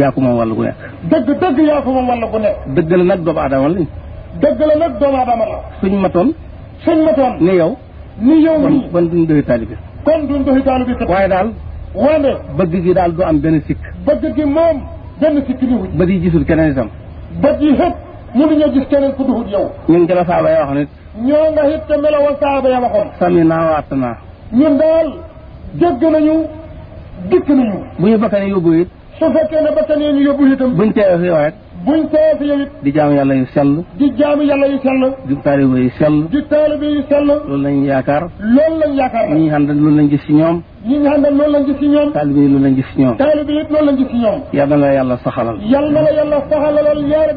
yaa ko moom wàll gu nekk dëgg dëgg yaa ko moom nekk dëgg la nag doomu aadama la nag doomu aadama la suñ matoon suñ matoon ni yow ni yow nii kon duñ doxi taalibi kon duñ doxi taalibi waaye daal waane bëgg gi daal du am benn sikk bëgg gi moom benn sikk ni wut bët yi keneen itam bët yi xëpp mënuñoo gis keneen ku duxut yow ñu ngi jëla saaba ya wax nit ñoo nga it te saaba ya waxoon sami naa waat naa ñun daal dégg nañu dikk nañu bu ñu bakkanee yóbbu su fekkee ne ba te nee ñu yóbbu fi yow di jaamu yàlla yu sell di jaamu yàlla yu sell di taalibe yu sell di taalibe yu sell loolu lañ yaakaar loolu lañ yaakaar ñi xam ne loolu lañ gis ci ñoom ñi nga xam ne loolu lañ gis ci ñoom taalibe yi loolu lañ gis ci ñoom taalibe yi loolu lañ gis na yàlla saxalal yal na la yàlla saxalalal yaara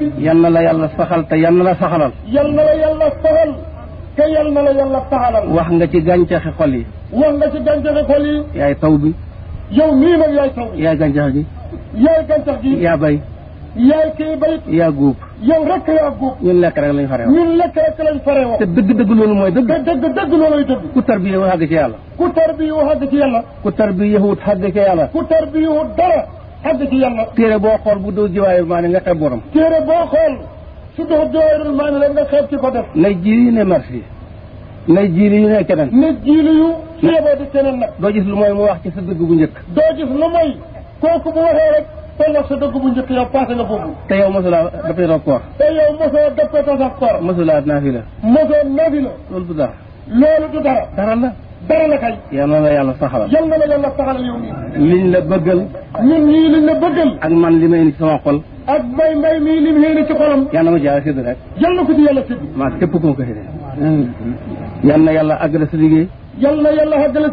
te yal la saxalal yal na la yàlla saxal te yal na la yàlla saxalal wax nga ci gàncaxi xol yi wax nga ci gàncaxi xol yi yaay taw bi yow mii nag yaay taw bi yaay gàncax gi yaay gàncax gi. yaa bay. yaay kii bay. yaa góob. yow rek yaa góob. ñun lekk rek lañ farewoo. ñun lekk rek lañ farewoo. te dëgg dëgg loolu mooy dëgg. te dëgg dëgg loolooy dëgg. ku tarbiye wu xàgg ci yàlla. ku tarbiye wu xàgg ci yàlla. ku tarbiye wut xàgg ci yàlla. ku tarbiye wut dara xàgg ci yàlla. téere boo xool bu doo jiwaayul maa ne nga xeeb borom. téere boo xool su doo jiwaayul maa ne rek nga xeeb ci ko def. nay jiiri ne merci. nay jiili yu ne keneen. nay jiili yu. su yeboo di keneen nag. doo gis lu mooy mu wax ci sa dëgg bu njëkk. doo gis lu mooy kooku bu waxee rek te nag sa dëgg bu njëkk yow passé nga foofu. te yow mosulaa dafay doon koor. te yow mosoo dëppee ko sax koor. mosulaa naafi la. mosoo naafi la. loolu du dara. loolu du dara. dara la. dara la kay. yal na la yàlla saxalal. yal na la yàlla saxalal yow mii. la bëggal. ñun ñii liñ la bëggal. ak man li may ni ci sama xol. ak mbay mbay mii li mu yéene ci xolam. yal na ma ci yàlla sédd rek. yal ko ci yàlla sédd. maa képp ku ma ko sédd. yal na yàlla àggale sa liggéey. yal na yàlla àggale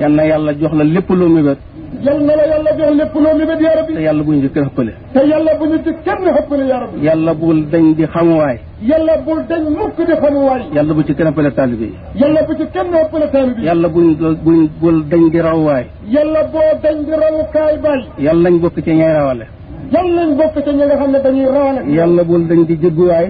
sa na yàlla jox la lépp loo mébét yal na la yàlla jox lépp loo mébét yaa rabbi te yàlla bu ñu ci kenn xëppale te yàlla bu ñu ci kenn xëppale yaa rabbi yàlla bul dañ di xamuwaay yàlla bul dañ mukk di xamuwaay yàlla bu ci kenn xëppale taalibe yi yàlla bu ci kenn xëppale taalibe yi yàlla buñ buñ bul dañ di rawwaay yàlla boo dañ di rawukaay baay yàlla lañ bokk ci ñay rawale yàlla lañ bokk ci ñi nga xam ne dañuy rawale yàlla bul dañ di jëgguwaay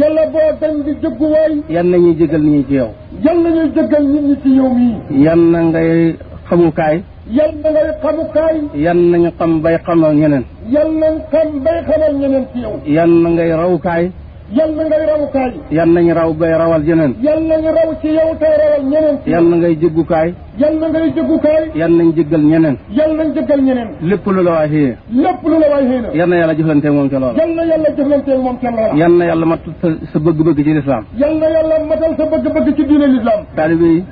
yàlla boo dañ di jëgguwaay yan nañuy jëgal nit ñi ci yow yan nañuy jëgal nit ñi ci yow mii yan na ngay xamukaay yal na ngay xamukaay yan nañu xam bay xamal ñeneen yal nañ xam bay xamal ñeneen ci yow yan na ngay rawukaay yal na ngay rawukaay yan nañu raw bay rawal ñeneen yal nañu raw ci yow tey rawal ñeneen ci yan na ngay jëggukaay yal na ngay jëggukaay yan nañ jëggal ñeneen yal nañ jëggal ñeneen lépp lu la waay xëyee lépp lu la waay xëy na yan na yàlla jëflante moom ca loola yal na yàlla jëflante moom ca loola yan na yàlla matal sa bëgg-bëgg ci lislaam yal na yàlla matal sa bëgg-bëgg ci diine lislaam taalibe yi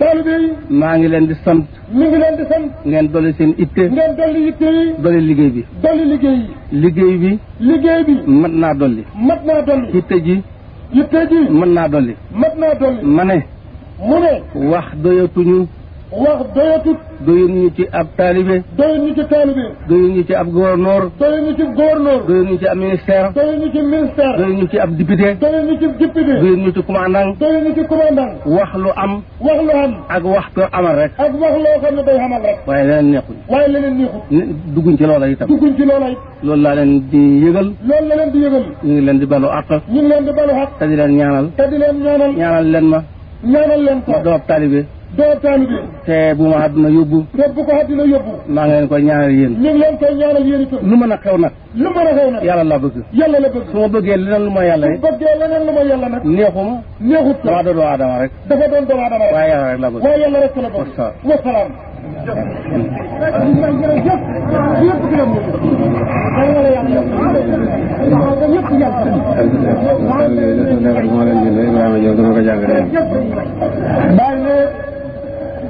taalibe yi maa ngi leen di sant mi ngi leen di sant ngeen dolli seen itte ngeen dolli itte yi dolli liggéey bi dolli liggéey yi liggéey bi liggéey bi mat naa dolli mat naa dolli itte ji itte ji mat naa dolli mat naa dolli ma ne wax doyatuñu wax doyatut. doyul ñu ci ab taalibe. doyul ñu ci taalibe. doyul ñu ci ab gouverneur. doyul ñu ci gouverneur. doyul ñu ci ab ministère. doyul ñu ci ministère. doyul ñu ci ab député. doyul ñu ci député. doyul ñu ci commandant. doyul ñu ci commandant. wax lu am. wax lu am. ak wax ko amal rek. ak wax loo xam ne day amal rek. waaye leneen neexuñ. waaye leneen neexuñ. dugguñ ci loola itam. dugguñ ci loola it. loolu laa leen di yëgal. loolu la leen di yëgal. ñu ngi leen di balu àq. ñu ngi leen di balu àq. te di leen ñaanal. te di leen ñaanal. ñaanal leen ma. ñaanal leen ko. ma doo taalibe te bu ma àdduna yóbbu te bu ko àdduna yóbbu maa a xew nag lu mën a xew nag yàlla bëgg la bëgg su ma bëggee leneen lu ma yàlla su bëggee leneen lu ma yàlla nag neexuma neexut rek dafa doon doomu aadama rek rek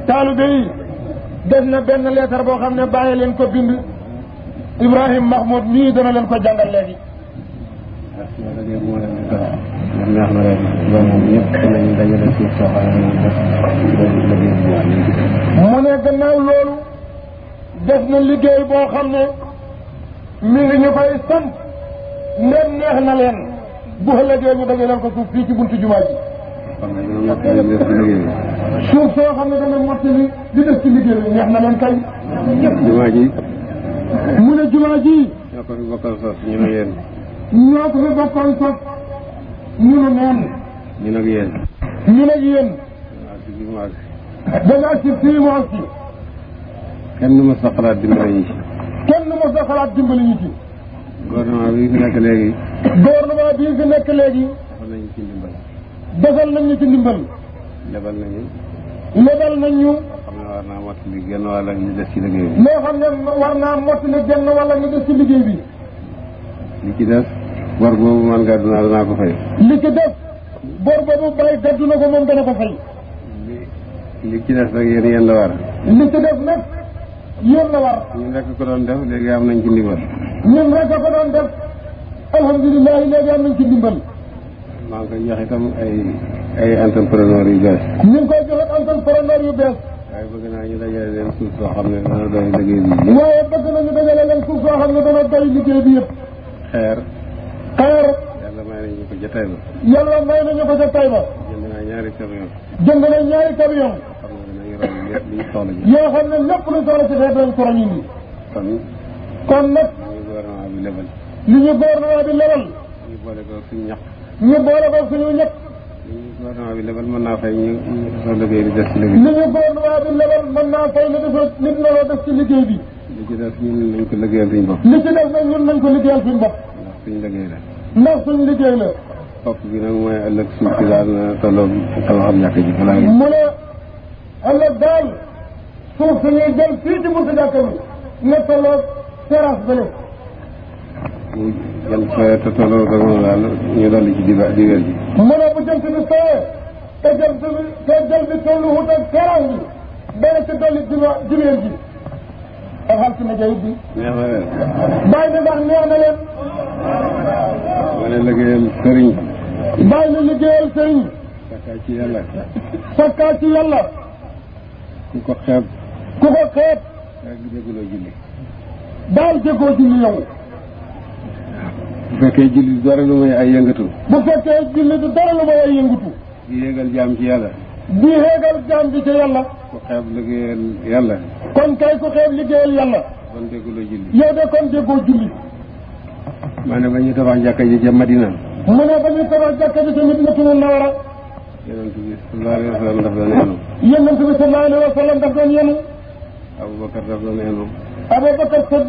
taalibe yi def na benn leetar boo xam ne bàyyi leen ko bind Ibrahim Mahmoud mii dana leen ko jàngal léegi. mu ne gannaaw loolu def na liggéey boo xam ne mi ngi ñu koy sant ndem neex na leen bu ëllëgee ñu dajale ko suuf fii ci buntu jumaa ji. suuf soo xam ne dana mottali li des ci liggéey bi neex na leen kay. jumaa ji. mu ne jumaa ji. ñoo ko fi bokkal sos ñu ne yéen. ñoo ko fi bokkal sos ñu ne neen. ñu ne yéen. ñu ne yéen. da ngaa si fii mu agsi. kenn du ma sa xalaat dimbali ñu ci. kenn du ma sa xalaat dimbali ñu ci. gouvernement bii fi nekk léegi. gouvernement bii fi nekk léegi. dafa nañ ci ndimbal. defal nañ ñu ci ndimbal. lebal nañu. lebal nañ ñu. xam ne war naa mottali genn wala ñu des ci liggéey bi. loo xam ne genn wala ñu des ci liggéey bi. li ci des bor boobu man gàddu naa ko fay. li ci des bor boobu na ko moom dana ko fay. li li ci des nag yéen yéen war. li ci des nag yéen war. ñun rek ko doon def léegi am nañ ci ndimbal. ñun rek ko doon def alhamdulilah léegi am nañ ci ndimbal. maa ngi koy jox itam ay ay entrepreneur yu bees. ñu ngi koy jox ak entrepreneur yu bees. waaye bëgg naa ñu dajale leen suuf soo xam ne dana doy liggéey bi yëpp. waaye bëgg nañu dajale leen suuf soo xam ne dana doy liggéey bi yëpp. xeer. xeer. yàlla may nañu ko ca Taïba. yàlla may nañu ko ca Taïba. jënd naa ñaari camion. jënd naa ñaari camion. yoo xam ne lépp lu soxla ci xeet lañ soxla ñu ngi. kon. kon nag. li ñu gouvernement bi lebal. li ñu gouvernement bi lebal. ñu boole ko suñu ñaq. ñu boole ko suñu ñëpp. bi lebal mën naa ñu ñu liggéey bi def ci liggéey bi. li ñu gouvernement bi lebal li defoo li bi. li ci des ñun nañ ko liggéeyal suñu li ci des nag la. ndax suñu liggéey la. bopp bi nag mooy suuf si daal na tolloo tabaxam mu ne ëllëg daal suuf si ñuy jël jant sooyee te tolloo dogoon daal ñu dolli ci diba diweer ji. mu ne bu jant bi sooyee te jant bi te jant bi tollu wut ak teraan gi dana ci dolli diba si ne jayit bi. neex na leen. bàyyi bi ndax neex ma ne liggéeyal sëriñ. bàyyi bi liggéeyal sëriñ. sakkaa ci ci yàlla. ku ko xeeb. ku ko xeeb. daal jégguloo julli. daal jéggoo julli yow. bu fekkee julli du dara lu may ay yëngatu. bu fekkee julli du dara lu may ay yëngatu. di yéegal jaam ci yàlla. di yéegal jaam bi ci yàlla. ku xeeb liggéeyal yàlla. kon kay ku xeeb liggéeyal yàlla. kon déggu la yow de kon déggoo julli. maa ne ba ñu tabax jàkka ji ca Madina. mu ne ba ñu tabax jàkka ji ca Madina Nawara. yonent bi sallallahu alayhi wa sallam daf doon yenu. yonent bi sallallahu alayhi wa sallam daf doon yenu. Aboubacar daf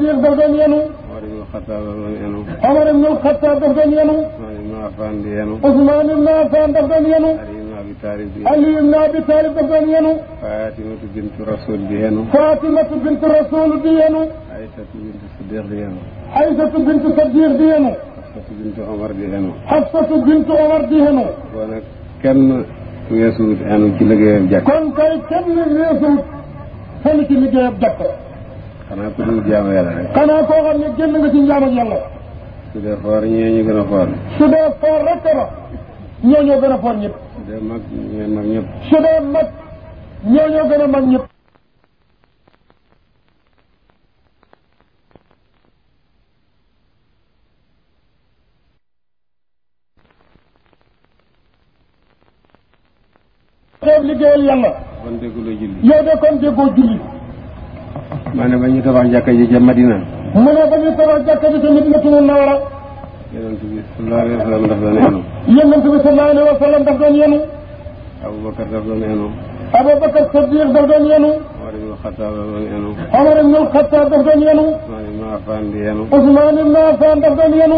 doon daf doon yenu. ibnu Xattaab doon yenu. Omar ibnu Xattaab daf doon yenu. Usmaan ibnu Affaan di yenu. Usmaan ibnu Affaan daf doon yenu. Ali ibnu Abi Taalib di yenu. Ali ibnu Abi Taalib daf doon yenu. Faatimatu bintu Rasuul di yenu. Faatimatu bintu Rasuul di yenu. Aysatu bintu Siddiq di yenu. Aysatu bintu Siddiq di yenu. Xafsatu bintu Omar di yenu. Xafsatu bintu Omar di yenu. kon nag kenn weesuwut enu ci liggéeyam jàkk. kon kay kenn weesuwut fenn ci liggéeyam jàkk. xanaa ku dul jaamu yàlla rek. xanaa koo xam ne génn nga ci njaam ak yàlla. su dee foor ñee ñu gën a foor. su foor rek ba ñoo ñoo gën a foor ñëpp. su mag ñee mag gën a mag ñëpp. xeeb liggéeyal yàlla. kon dégguloo julli. yow de kon maanaam ba ñu tabax jàkka ji ca Madina. mu ne ba ñu tabax jàkka ji ca Madinatu Munawwara. yonent bi sallallahu alayhi wa sallam daf doon yenu. yonent bi sallallahu alayhi wa sallam daf doon yenu. Aboubacar daf doon yenu. Aboubacar Sadiq daf doon yenu. Omar ibn Xataab daf doon yenu. Omar ibn Xataab daf doon yenu. Ousmane ibn Affan di yenu. Ousmane ibn Affan daf doon yenu.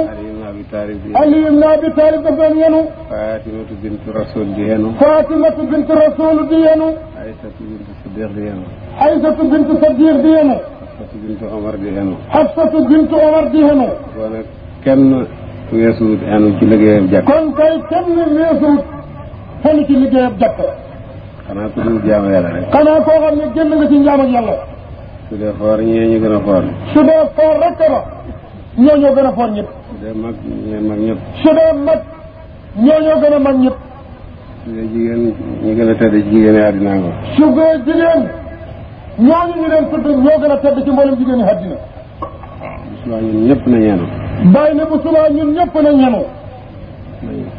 Abi Taalib di yenu. Ali ibn Abi Taalib daf doon yenu. Fatimatu bintu Rasul di yenu. Fatimatu bintu Rasul di yenu. Aysatu bintu Siddiq di yenu. Aysatu bintu Sadiq di yenu. Xafsatu bintu Omar di yenu. Xafsatu bintu Omar di yenu. kon nag kenn weesuwut enu ci liggéeyam jàkk. kon kay kenn weesuwut fenn ci liggéeyam jàkk. xanaa ku dul jaamu yàlla rek. xanaa koo xam ne génn nga ci njaam ak yàlla. su dee foor ñee ñu gën a foor. su dee foor rek ba ñoo ñoo gën a foor ñëpp. su dee mag ñee mag ñëpp. su dee mag ñoo ñoo gën a mag ñëpp. su dee jigéen ñi gën a tedd jigéen yi àddina ko. su dee jigéen. ñooñu ñu leen tudd ñoo gën a tedd ci mboolem jigéen ñi àddina. waaw ñun ñëpp na ñenu. bàyyi ne bu subaa ñun ñëpp na ñenu.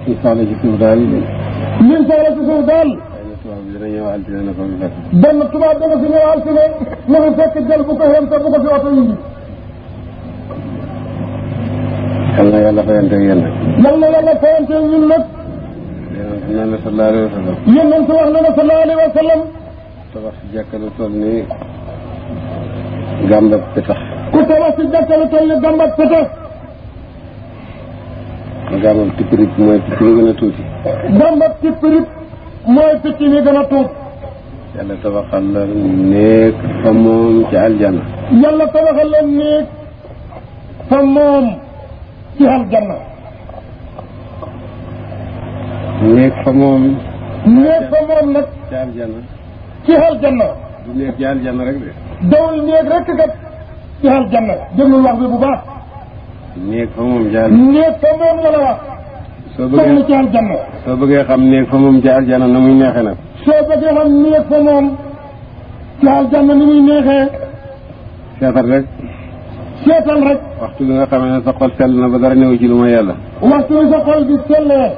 ci soxla ci suuf daal. ñun soxla ci suuf daal. benn tubaab dana fi ñëw altine na fi fekk jël bu ko yem te bu ko fi oto yi. yal na yàlla fayante ak yéen nag. yal na yàlla fayante ak ñun nag. yéen a ngi fi naan la sallallahu alayhi wa sallam. yéen a ngi fi wax ne la sallallahu alayhi wa sallam. tabax si jàkka lu toll nii gàmbab petax. ku tabax si jàkka lu toll nii gàmbab petax. gàmbab tipirip mooy picc mi gën a tuuti. gàmbab tipirip mooy picc mi gën a tuuti. yàlla tabaxal la néeg fa moom ci aljanna. yàlla tabaxal la néeg fa moom ci aljanna. néeg fa moom. néeg fa moom nag ci aljanna. ci xel janna. du neex ci xel janna rek de. dawul neex rek kat ci xel janna déglu wax bi bu baax. neex fa moom jaal. neex fa moom la la wax. soo bëggee ci xel janna. soo bëggee xam neex fa moom jaal janna na muy neexee nag. soo bëggee xam neex fa moom jaal janna ni muy neexee. seetal rek. seetal rek. waxtu bi nga xamee ne sa xol sell na ba dara ñëw ci lu ma yàlla. waxtu bi sa xol bi sellee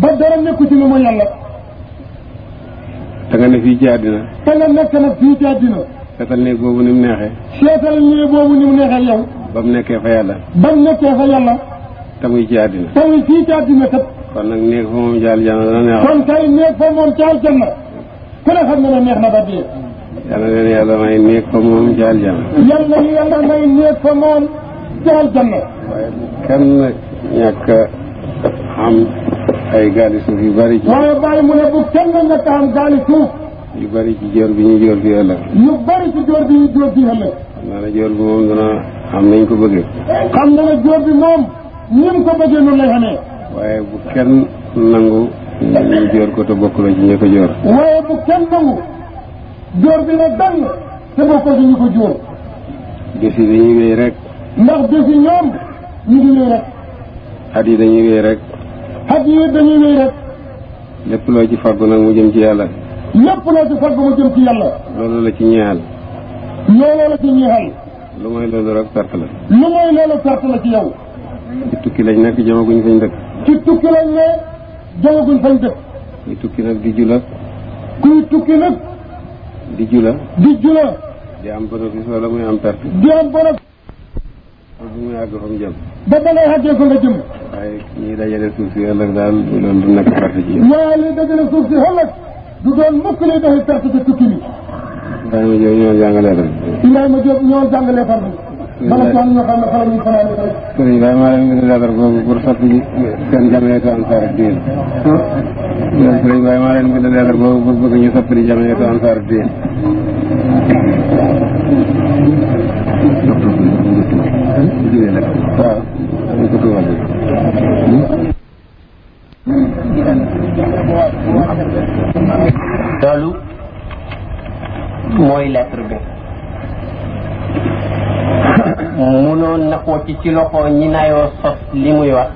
ba dara nekku ci lu ma yàlla. te nga ne fii ci àddina te nga nekk nag fii ci àddina seetal ne boobu ni mu neexee seetal ne boobu ni mu neexee yow ba mu nekkee fa yàlla ba mu nekkee fa yàlla te ci àddina te ci àddina kon nag néeg fa moom ci aljanna kon kay néeg fa moom ci aljanna ku ne xam ne ne neex na ba dee yàlla may néeg fa moom ci aljanna yàlla yàlla may néeg fa moom ci aljanna waaye kenn ñàkk xam ay gaali yu bari. waaye bàyyi mu ne bu kenn nga taxam gaali yu bari ci joor bi ñu joor fii ëllëg. yu bari ci joor bi ñu joor fii ëllëg. xam naa ne joor bi moom dana xam nañ ko bëggee. xam na ne joor bi moom ni mu ko bëggee noonu lay xamee. waaye bu kenn nangu. ñu joor ko te bokk na ci bi ne dang te bokkoo ci ñi ko joor. bés yi dañuy wéy rek. ndax bés yi ñoom ñu ngi wéy rek. at yi dañuy wéy rek. xaj yi dañuy wéy rek. lépp loo ci faggu nag mu jëm ci yàlla. lépp loo ci faggu mu jëm ci yàlla. loolu la ci ñeexal. looloo la ci ñeexal. lu mooy loolu rek perte la. lu mooy loolu perte la ci yow. ci tukki lañ nekk jëmaguñ fañ dëkk. ci tukki lañ ne jëmaguñ fañ dëkk. di jula. kuy tukki nag. di jula. di jula. di am bénéfice wala muy am perte. di am bénéfice. bu muy àgg fa mu ba balay xàjjee fa nga jëm. waaye ñiy dajale suuf si ëllëg daal du doon du nekk perte ci yéen. waaye liy dajale suuf si ëllëg du doon mukk lay defee perte ci tukki bi. Ibrahima Diop ñoo jàngalee tam. Ibrahima Diop ñoo jàngalee tam. bala si am ñoo xam ne xalam ñu xalaat rek. kon Ibrahima leen bind leetar boobu pour sotti seen jameetu ansaar ak diin. kon Ibrahima leen bind leetar boobu pour bëgg ñu soppali jameetu ansaar ak diin. loolu mooy lettre bi munoon na ko ci ci loxo ñi nayoo sos li muy wax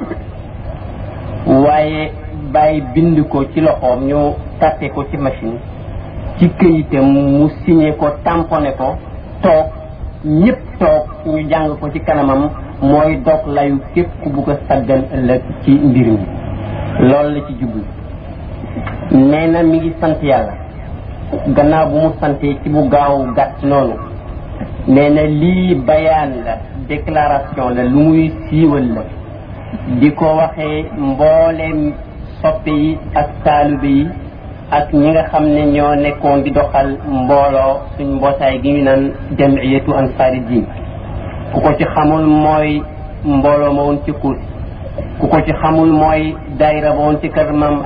waaye bàyyi bind ko ci loxoom ñu tapé ko ci machine ci këyitam mu signé ko tamponné ko toog ñëpp toog ñu jàng ko ci kanamam mooy dox layu képp ku bugg a ëllëg ci mbir mi loolu la ci jublu nee na mi ngi sant yàlla gannaaw bu mu santee ci bu gaaw gàtt noonu nee na lii bayaan la déclaration la lu muy siiwal la di ko waxee mbooleem soppe yi ak taalibe yi ak ñi nga xam ne ñoo nekkoon di doxal mbooloo suñ mbootaay gi ñu naan jamiyatu ansaari diin ku ko ci xamul mooy mbooloo ma woon ku ko ci xamul mooy daayira ba woon ci kër maam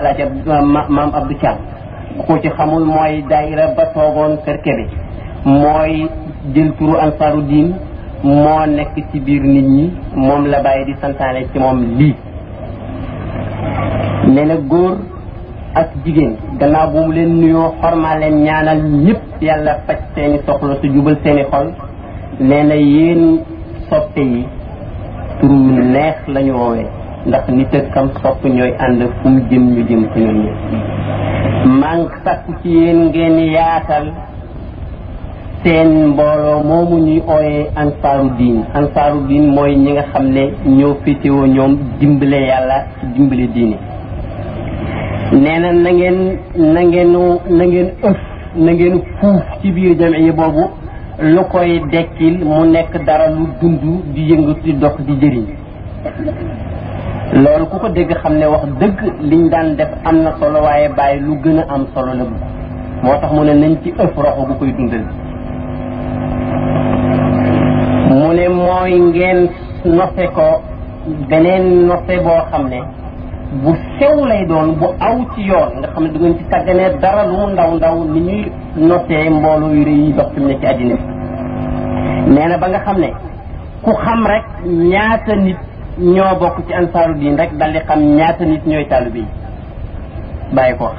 ci xamul mooy daayira ba toogoon kër Kébé mooy jël turu ansaaru diin moo nekk ci biir nit ñi moom la bàyyi di santaane ci moom lii nee na góor ak jigéen gannaaw bu leen nuyoo xormaa leen ñaanal yëpp yàlla faj seeni soxla su jubal seeni xol nee na yéen soppe yi tur yu neex lañu woowee ndax nit ak sopp ñooy ànd fu mu jëm ñu jëm ci ñoom ñëpp maa sakku ci yéen ngeen yaatal seen mbooloo moomu ñuy ooyee ansaaru diin ansaaru diin mooy ñi nga xam ne ñoo féetewoo ñoom dimbale yàlla ci dimbale diine nee na na ngeen na ngeen na ngeen ëf na ngeen fuuf ci biir jamiya boobu lu koy dekkil mu nekk dara lu dund di yëngu di dox di jëriñ loolu ku ko dégg xam ne wax dëgg liñ daan def am na solo waaye bàyyi lu gën a am solo la bugg moo tax mu ne nañ ci ëf roxo bu koy dundal mu ne mooy ngeen nose ko beneen nose boo xam ne bu sew lay doon bu aw ci yoon nga xam ne du ngeen ci sàgganee dara lu mu ndaw ndaw ni ñuy notee mbooloo rëy yi dox fi ne ci àddina bi nee na ba nga xam ne ku xam rekk ñaata nit ñoo bokk ci ansaaru diin rek dal xam ñaata nit ñooy taalibe bi bàyyi ko wax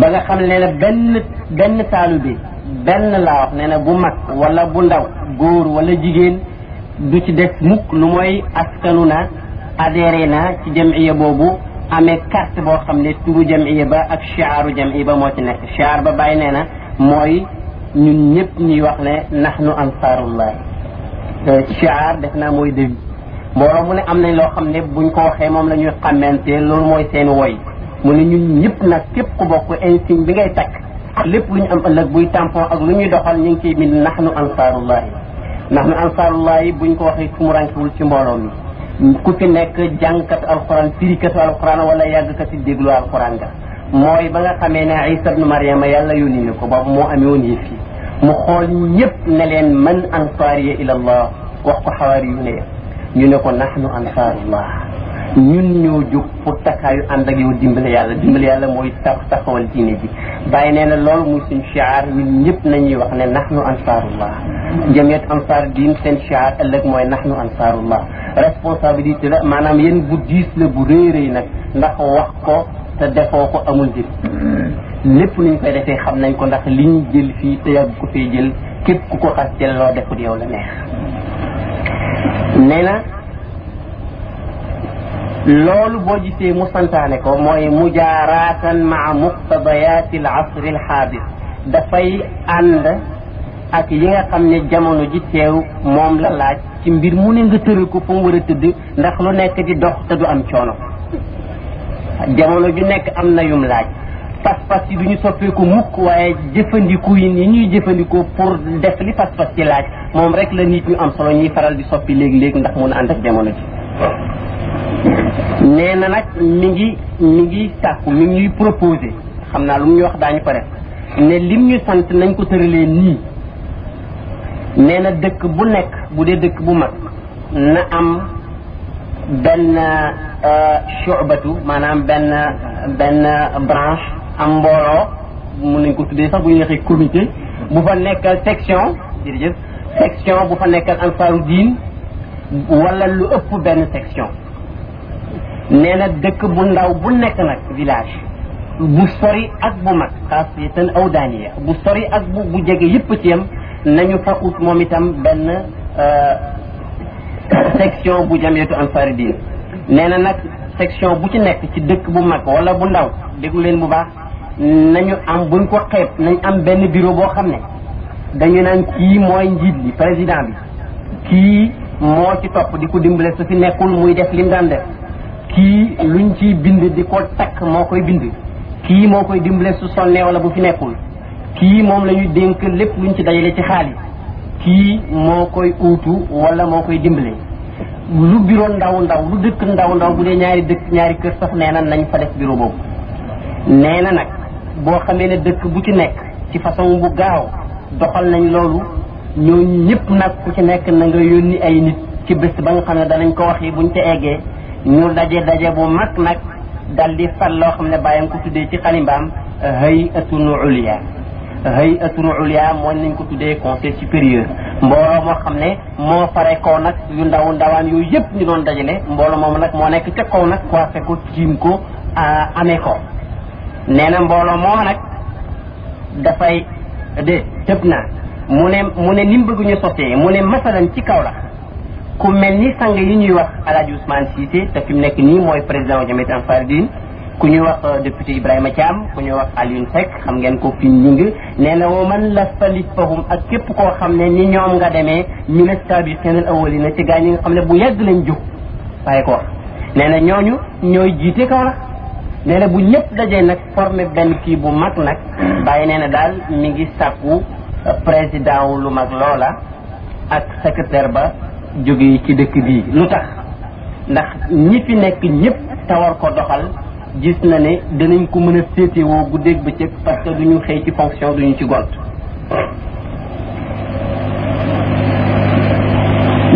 ba nga xam nee na benn benn bi benn laa wax nee bu mag wala bu ndaw góor wala jigéen du ci des mukk lu mooy askanu na adhéré na ci jamiya boobu amee carte boo xam ne turu jamiya ba ak chiaaru jamiya ba moo ci nekk chiaar ba bàyyi nee na mooy ñun ñëpp ñuy wax ne nahnu ansaarullah chiaar euh, def naa mooy dëgg mbooloo mu ne am nañ loo xam ne buñ ko waxee moom la ñuy xamante loolu mooy seen woy mu ne ñun ñëpp nag képp ku bokk insigne bi ngay takk lépp lu ñu am ëllëg buy tampon ak lu ñuy doxal ñu ngi ciy bind nahnu ansaarullahi nahnu ansaarullahi buñ ko waxee fu mu rànkewul ci mbooloo mi ku fi nekk jàngkatu alxuraan firikatu alxuraan wala yàggkati déglu alxuraan ga mooy ba nga xamee ne Isa ibnu Maryama yàlla yónni na ko boobu moo amee woon yëf yi mu xool ñëpp ne leen man ansaariya ila allah wax ko xawaari yu ne ñu ne ko nahnu ansaarullah ñun ñoo jóg pour takkaayu ànd ak yow dimbale yàlla dimbale yàlla mooy tax taxawal diine ji bàyyi nee na loolu muy suñ shiar ñun ñëpp nañuy wax ne nahnu ansaarullah jamiyat ansaar diin seen shiar ëllëg mooy nahnu ansaarullah responsabilité la maanaam yéen bu diis la bu rëy rëy nag ndax wax ko te defoo ko amul njëriñ hmm. lépp luñ koy defee xam nañ ko ndax liñ jël fii te yàgg ko fee jël képp ku ko xas jël loo defut yow la neex nee na loolu boo gisee mu santaane ko mooy mujaaratan maa muqtadayaati al asri al xaadir dafay ànd ak yi nga xam ne jamono ji teew moom la laaj ci mbir mu ne nga tëral ko fa war a tëdd ndax lu nekk di dox te du am coono jamono ju nekk am na yum laaj pas-pas yi du ñu soppeeku mukk waaye jëfandiku yi ni ñuy jëfandikoo pour def li pas-pas ci laaj moom rek la nit ñu am solo ñuy faral di soppi léegi-léegi ndax mun a ànd ak jamono ji nee na nag mi ngi mi ngi tàkku mi ngi ñuy xam naa lu mu ñu wax daañu ko def ne lim ñu sant nañ ko tëralee nii nee na dëkk bu nekk bu dee dëkk bu mag na am benn euh, shubatu maanaam benn benn branche am mbooloo mun nañ ko tuddee sax bu ñu waxee bu fa nekkal section jërëjëf section bu fa nekkal ansaaru diin wala lu ëpp benn section nee na dëkk bu ndaw bu nekk nag village bu sori ak bu mag xaas yi aw daaniya bu sori ak bu bu jege yëpp ci yam nañu fa ut moom itam benn euh, section bu jamiyatu ansaari diin nee na nag section bu ci nekk ci dëkk bu mag wala bu ndaw déglu leen bu baax nañu am buñ ko xeeb nañ am benn bureau boo xam ne dañu naan kii mooy njiit bi président bi kii moo ci topp di ko dimbale su fi nekkul muy def lim daan def kii luñ ciy bind di ko takk moo koy bind kii moo koy dimbale su sonnee wala bu fi nekkul kii moom lañuy dénk lépp luñ ci dajale ci xaalis kii moo koy uutu wala moo koy dimbale lu bureau ndaw ndaw lu dëkk ndaw ndaw bu dee ñaari dëkk ñaari kër sax nee na nañ fa def bureau boobu nee na nag boo xamee ne dëkk bu ci nekk ci façon bu gaaw doxal nañ loolu ñooñu ñëpp nag ku ci nekk na nga yónni ay nit ci bés ba nga xam ne danañ ko wax yi buñ ci eggee ñu daje daje bu mag nag dal di loo xam ne bàyyam ko tuddee ci xalimbaam hay atunu uliya hay'atun ulya mooy nañ ko tuddee conseil supérieur mbooloo moo xam ne moo fare kaw nag yu ndaw ndawaan yooyu yëpp ñu doon dajale mbooloo moom nag moo nekk ca kaw nag coiffé ko tiim ko amee ko nee na mbooloo moom nag dafay de tëb na mu ne mu ne ni mu bëgg ñu sosee mu ne masalan ci kaw la ku mel ni sang yi ñuy wax El Hadj Ousmane te fi mu nekk nii mooy président Jamiyatou Ansaaru Din ku ñuy wax euh, député Ibrahima Thiam ku ñuy wax Alioune Seck xam ngeen ko fi ñu ngi nee na man la falifahum ak képp koo xam ne ni ñoom nga demee mina saabiqiina al awwaliina ci gaa ñi nga xam ne bu yàgg lañ jóg waaye ko wax nee na ñooñu ñooy jiite kaw na nee bu ñëpp dajee nag formé benn kii bu mag nag bàyyi nee na daal mi ngi sàkku euh, président wu lu mag loola ak secrétaire ba jóge ci dëkk bii lu tax ndax ñi fi nekk ñëpp tawar ko doxal gis na ne danañ ko mën a féetewoo guddeeg bëccëg parce que duñu xëy ci fonction duñu ci gont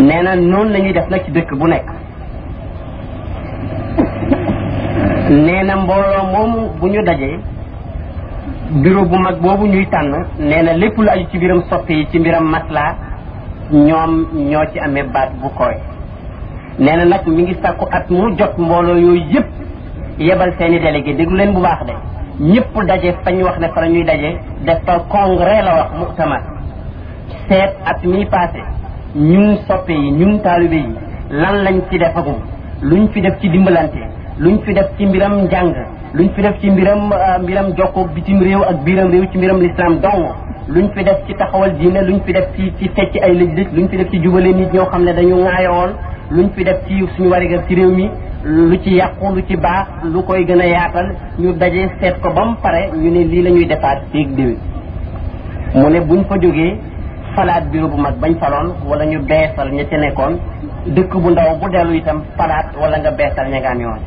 nee na noonu la def nag ci dëkk bu nekk nee na mbooloo moomu bu ñu dajee bureau bu mag boobu ñuy tànn nee na lépp lu aju ci biiram soppe yi ci mbiram maslaa ñoom ñoo ci amee baat bu koy nee na nag mu ngi sàkku at mu jot mbooloo yooyu yëpp yebal seeni délégué déglu leen bu baax de ñëpp daje fañ wax ne fa ñuy daje def fa congrès la wax muktamar seet at mi passé ñun soppe yi ñun taalibe yi lan lañ ci defagum luñ fi def ci dimbalante luñ fi def ci mbiram njàng luñ fi def ci mbiram euh, mbiram jokko bitim réew ak biiram réew ci mbiram lislaam dong luñ fi def ci taxawal lu luñ fi def ci ci fecc ay lëj-lëj ñu fi def ci jubale nit ñoo xam ne dañu ŋaayowoon luñ fi def ci suñu warigal ci réew mi lu ci yàqu lu ci baax lu koy gën a yaatal ñu daje seet ko ba mu pare ñu ne lii la ñuy defaat féeg déwén mu ne buñ ko jógee falaat bureau bu mag bañ faloon wala ñu beesal ña ci nekkoon dëkk bu ndaw bu dellu itam falaat wala nga beesal ña yoon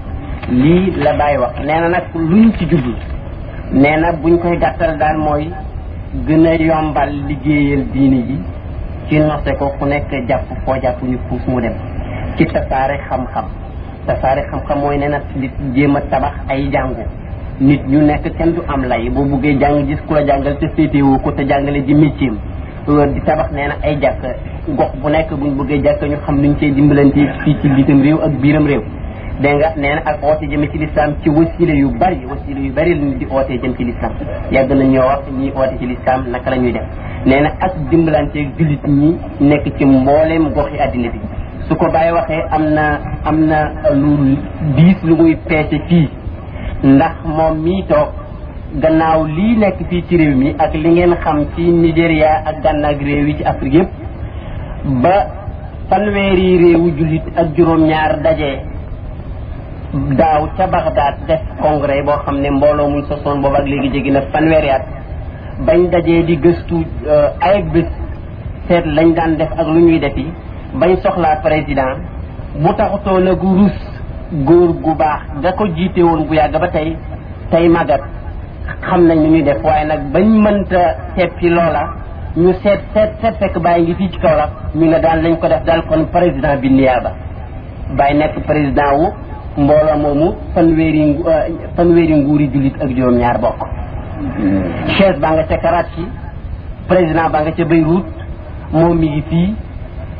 lii la bàyyi wax nee na nag luñ ci jublu nee na buñ koy gàttal daan mooy gën a yombal liggéeyal diini ji ci nose ko ku nekk jàpp foo jàpp ñu puus mu dem ci tasaare xam-xam tasaare xam-xam mooy ne nag di jéem a tabax ay jàngu nit ñu nekk kenn du am lay boo buggee jàng gis ku la jàngal te féetewoo ko te jàngale ji métier euh, di tabax nee na ay jàkk gox bu nekk buñ bëggee jàkk ñu xam nuñ cee dimbalante fii ci bitim réew ak biiram réew dégg nga nee na ak oote jëme ci lislaam ci yu bari wasila yu bari lañu di ootee jëm ci lislaam yàgg na ñoo wax ñiy oote ci lislaam naka ñuy def nee na ak dimbalante jullit ñi nekk ci mbooleem goxi àddina bi su ko bàyyi waxee am na am na lu diis lu muy peese fii ndax moom mi toog gannaaw lii nekk fii ci réew mi ak li ngeen xam ci Nigéria ak gànnaag réew yi ci Afrique yëpp ba fanweeri réewu jullit ak juróom-ñaar daje daaw ca Bagdad def congrès boo xam ne mbooloo muñ sosoon boobu ak léegi jéggi na fanweeri bañ dajee di gëstu euh, ay bés seet lañ daan def ak lu ñuy def defi bay soxlaa président mu taxutoo la gu rus góor gu baax nga ko jiite woon bu yàgg ba tey tey màggat xam nañ ni ñuy def waaye nag bañ mënta seppi loola ñu seet seet seet fekk bàyyi ngi fii ci kaw la ñu ne daal lañ ko def daal kon président bi ba bàyyi nekk président wu mboola moomu fanweeri euh, fanweeri nguuri jullit ak juróom-ñaar bokk hmm. chaise baa nga ca Karachi président baa nga ca Beyrouth moom mi ngi fii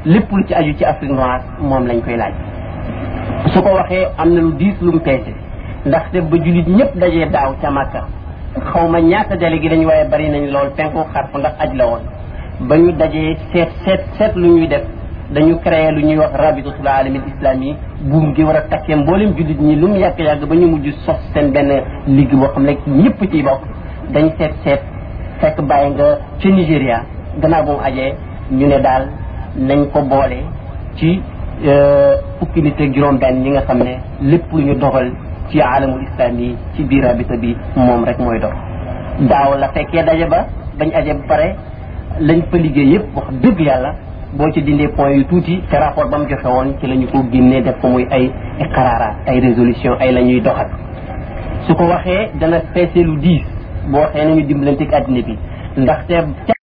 lépp lu ci aju ci Afrique noire moom lañ koy laaj su ko waxee am na lu diis lu mu ndax ndaxte ba jullit ñëpp dajee daaw ca Makka xaw ma ñaata gi lañu waaye bari nañ lool penku xarfu ndax aj la woon ba ñu dajee seet seet seet lu ñuy def dañu créé lu ñuy wax rabitatul alamin yi buum gi war a takkee mboolem jullit ñi lu mu yàgg-yàgg ba ñu mujj sos seen benn ligue boo xam ne ñëpp ciy bokk dañ seet seet fekk bàyyi nga ca Nigéria gannaaw ajee ñu ne daal nañ ko boole ci euh, fukki nit ak juróom benn ñi nga xam ne lépp lu ñu doxal ci alamul islam yi ci biir rabita bi moom rek mooy dox daaw la fekkee daje ba bañ aje ba pare lañ fa liggéey yëpp wax dëgg yàlla boo ci dindee point yu tuuti te rapport ba mu joxe woon ci lañu ko génnee def ko muy ay xaraaraat ay résolution ay la ñuy doxal su ko waxee dana feesee lu diis boo waxee nañu dimbalanteeg addina bi ndaxte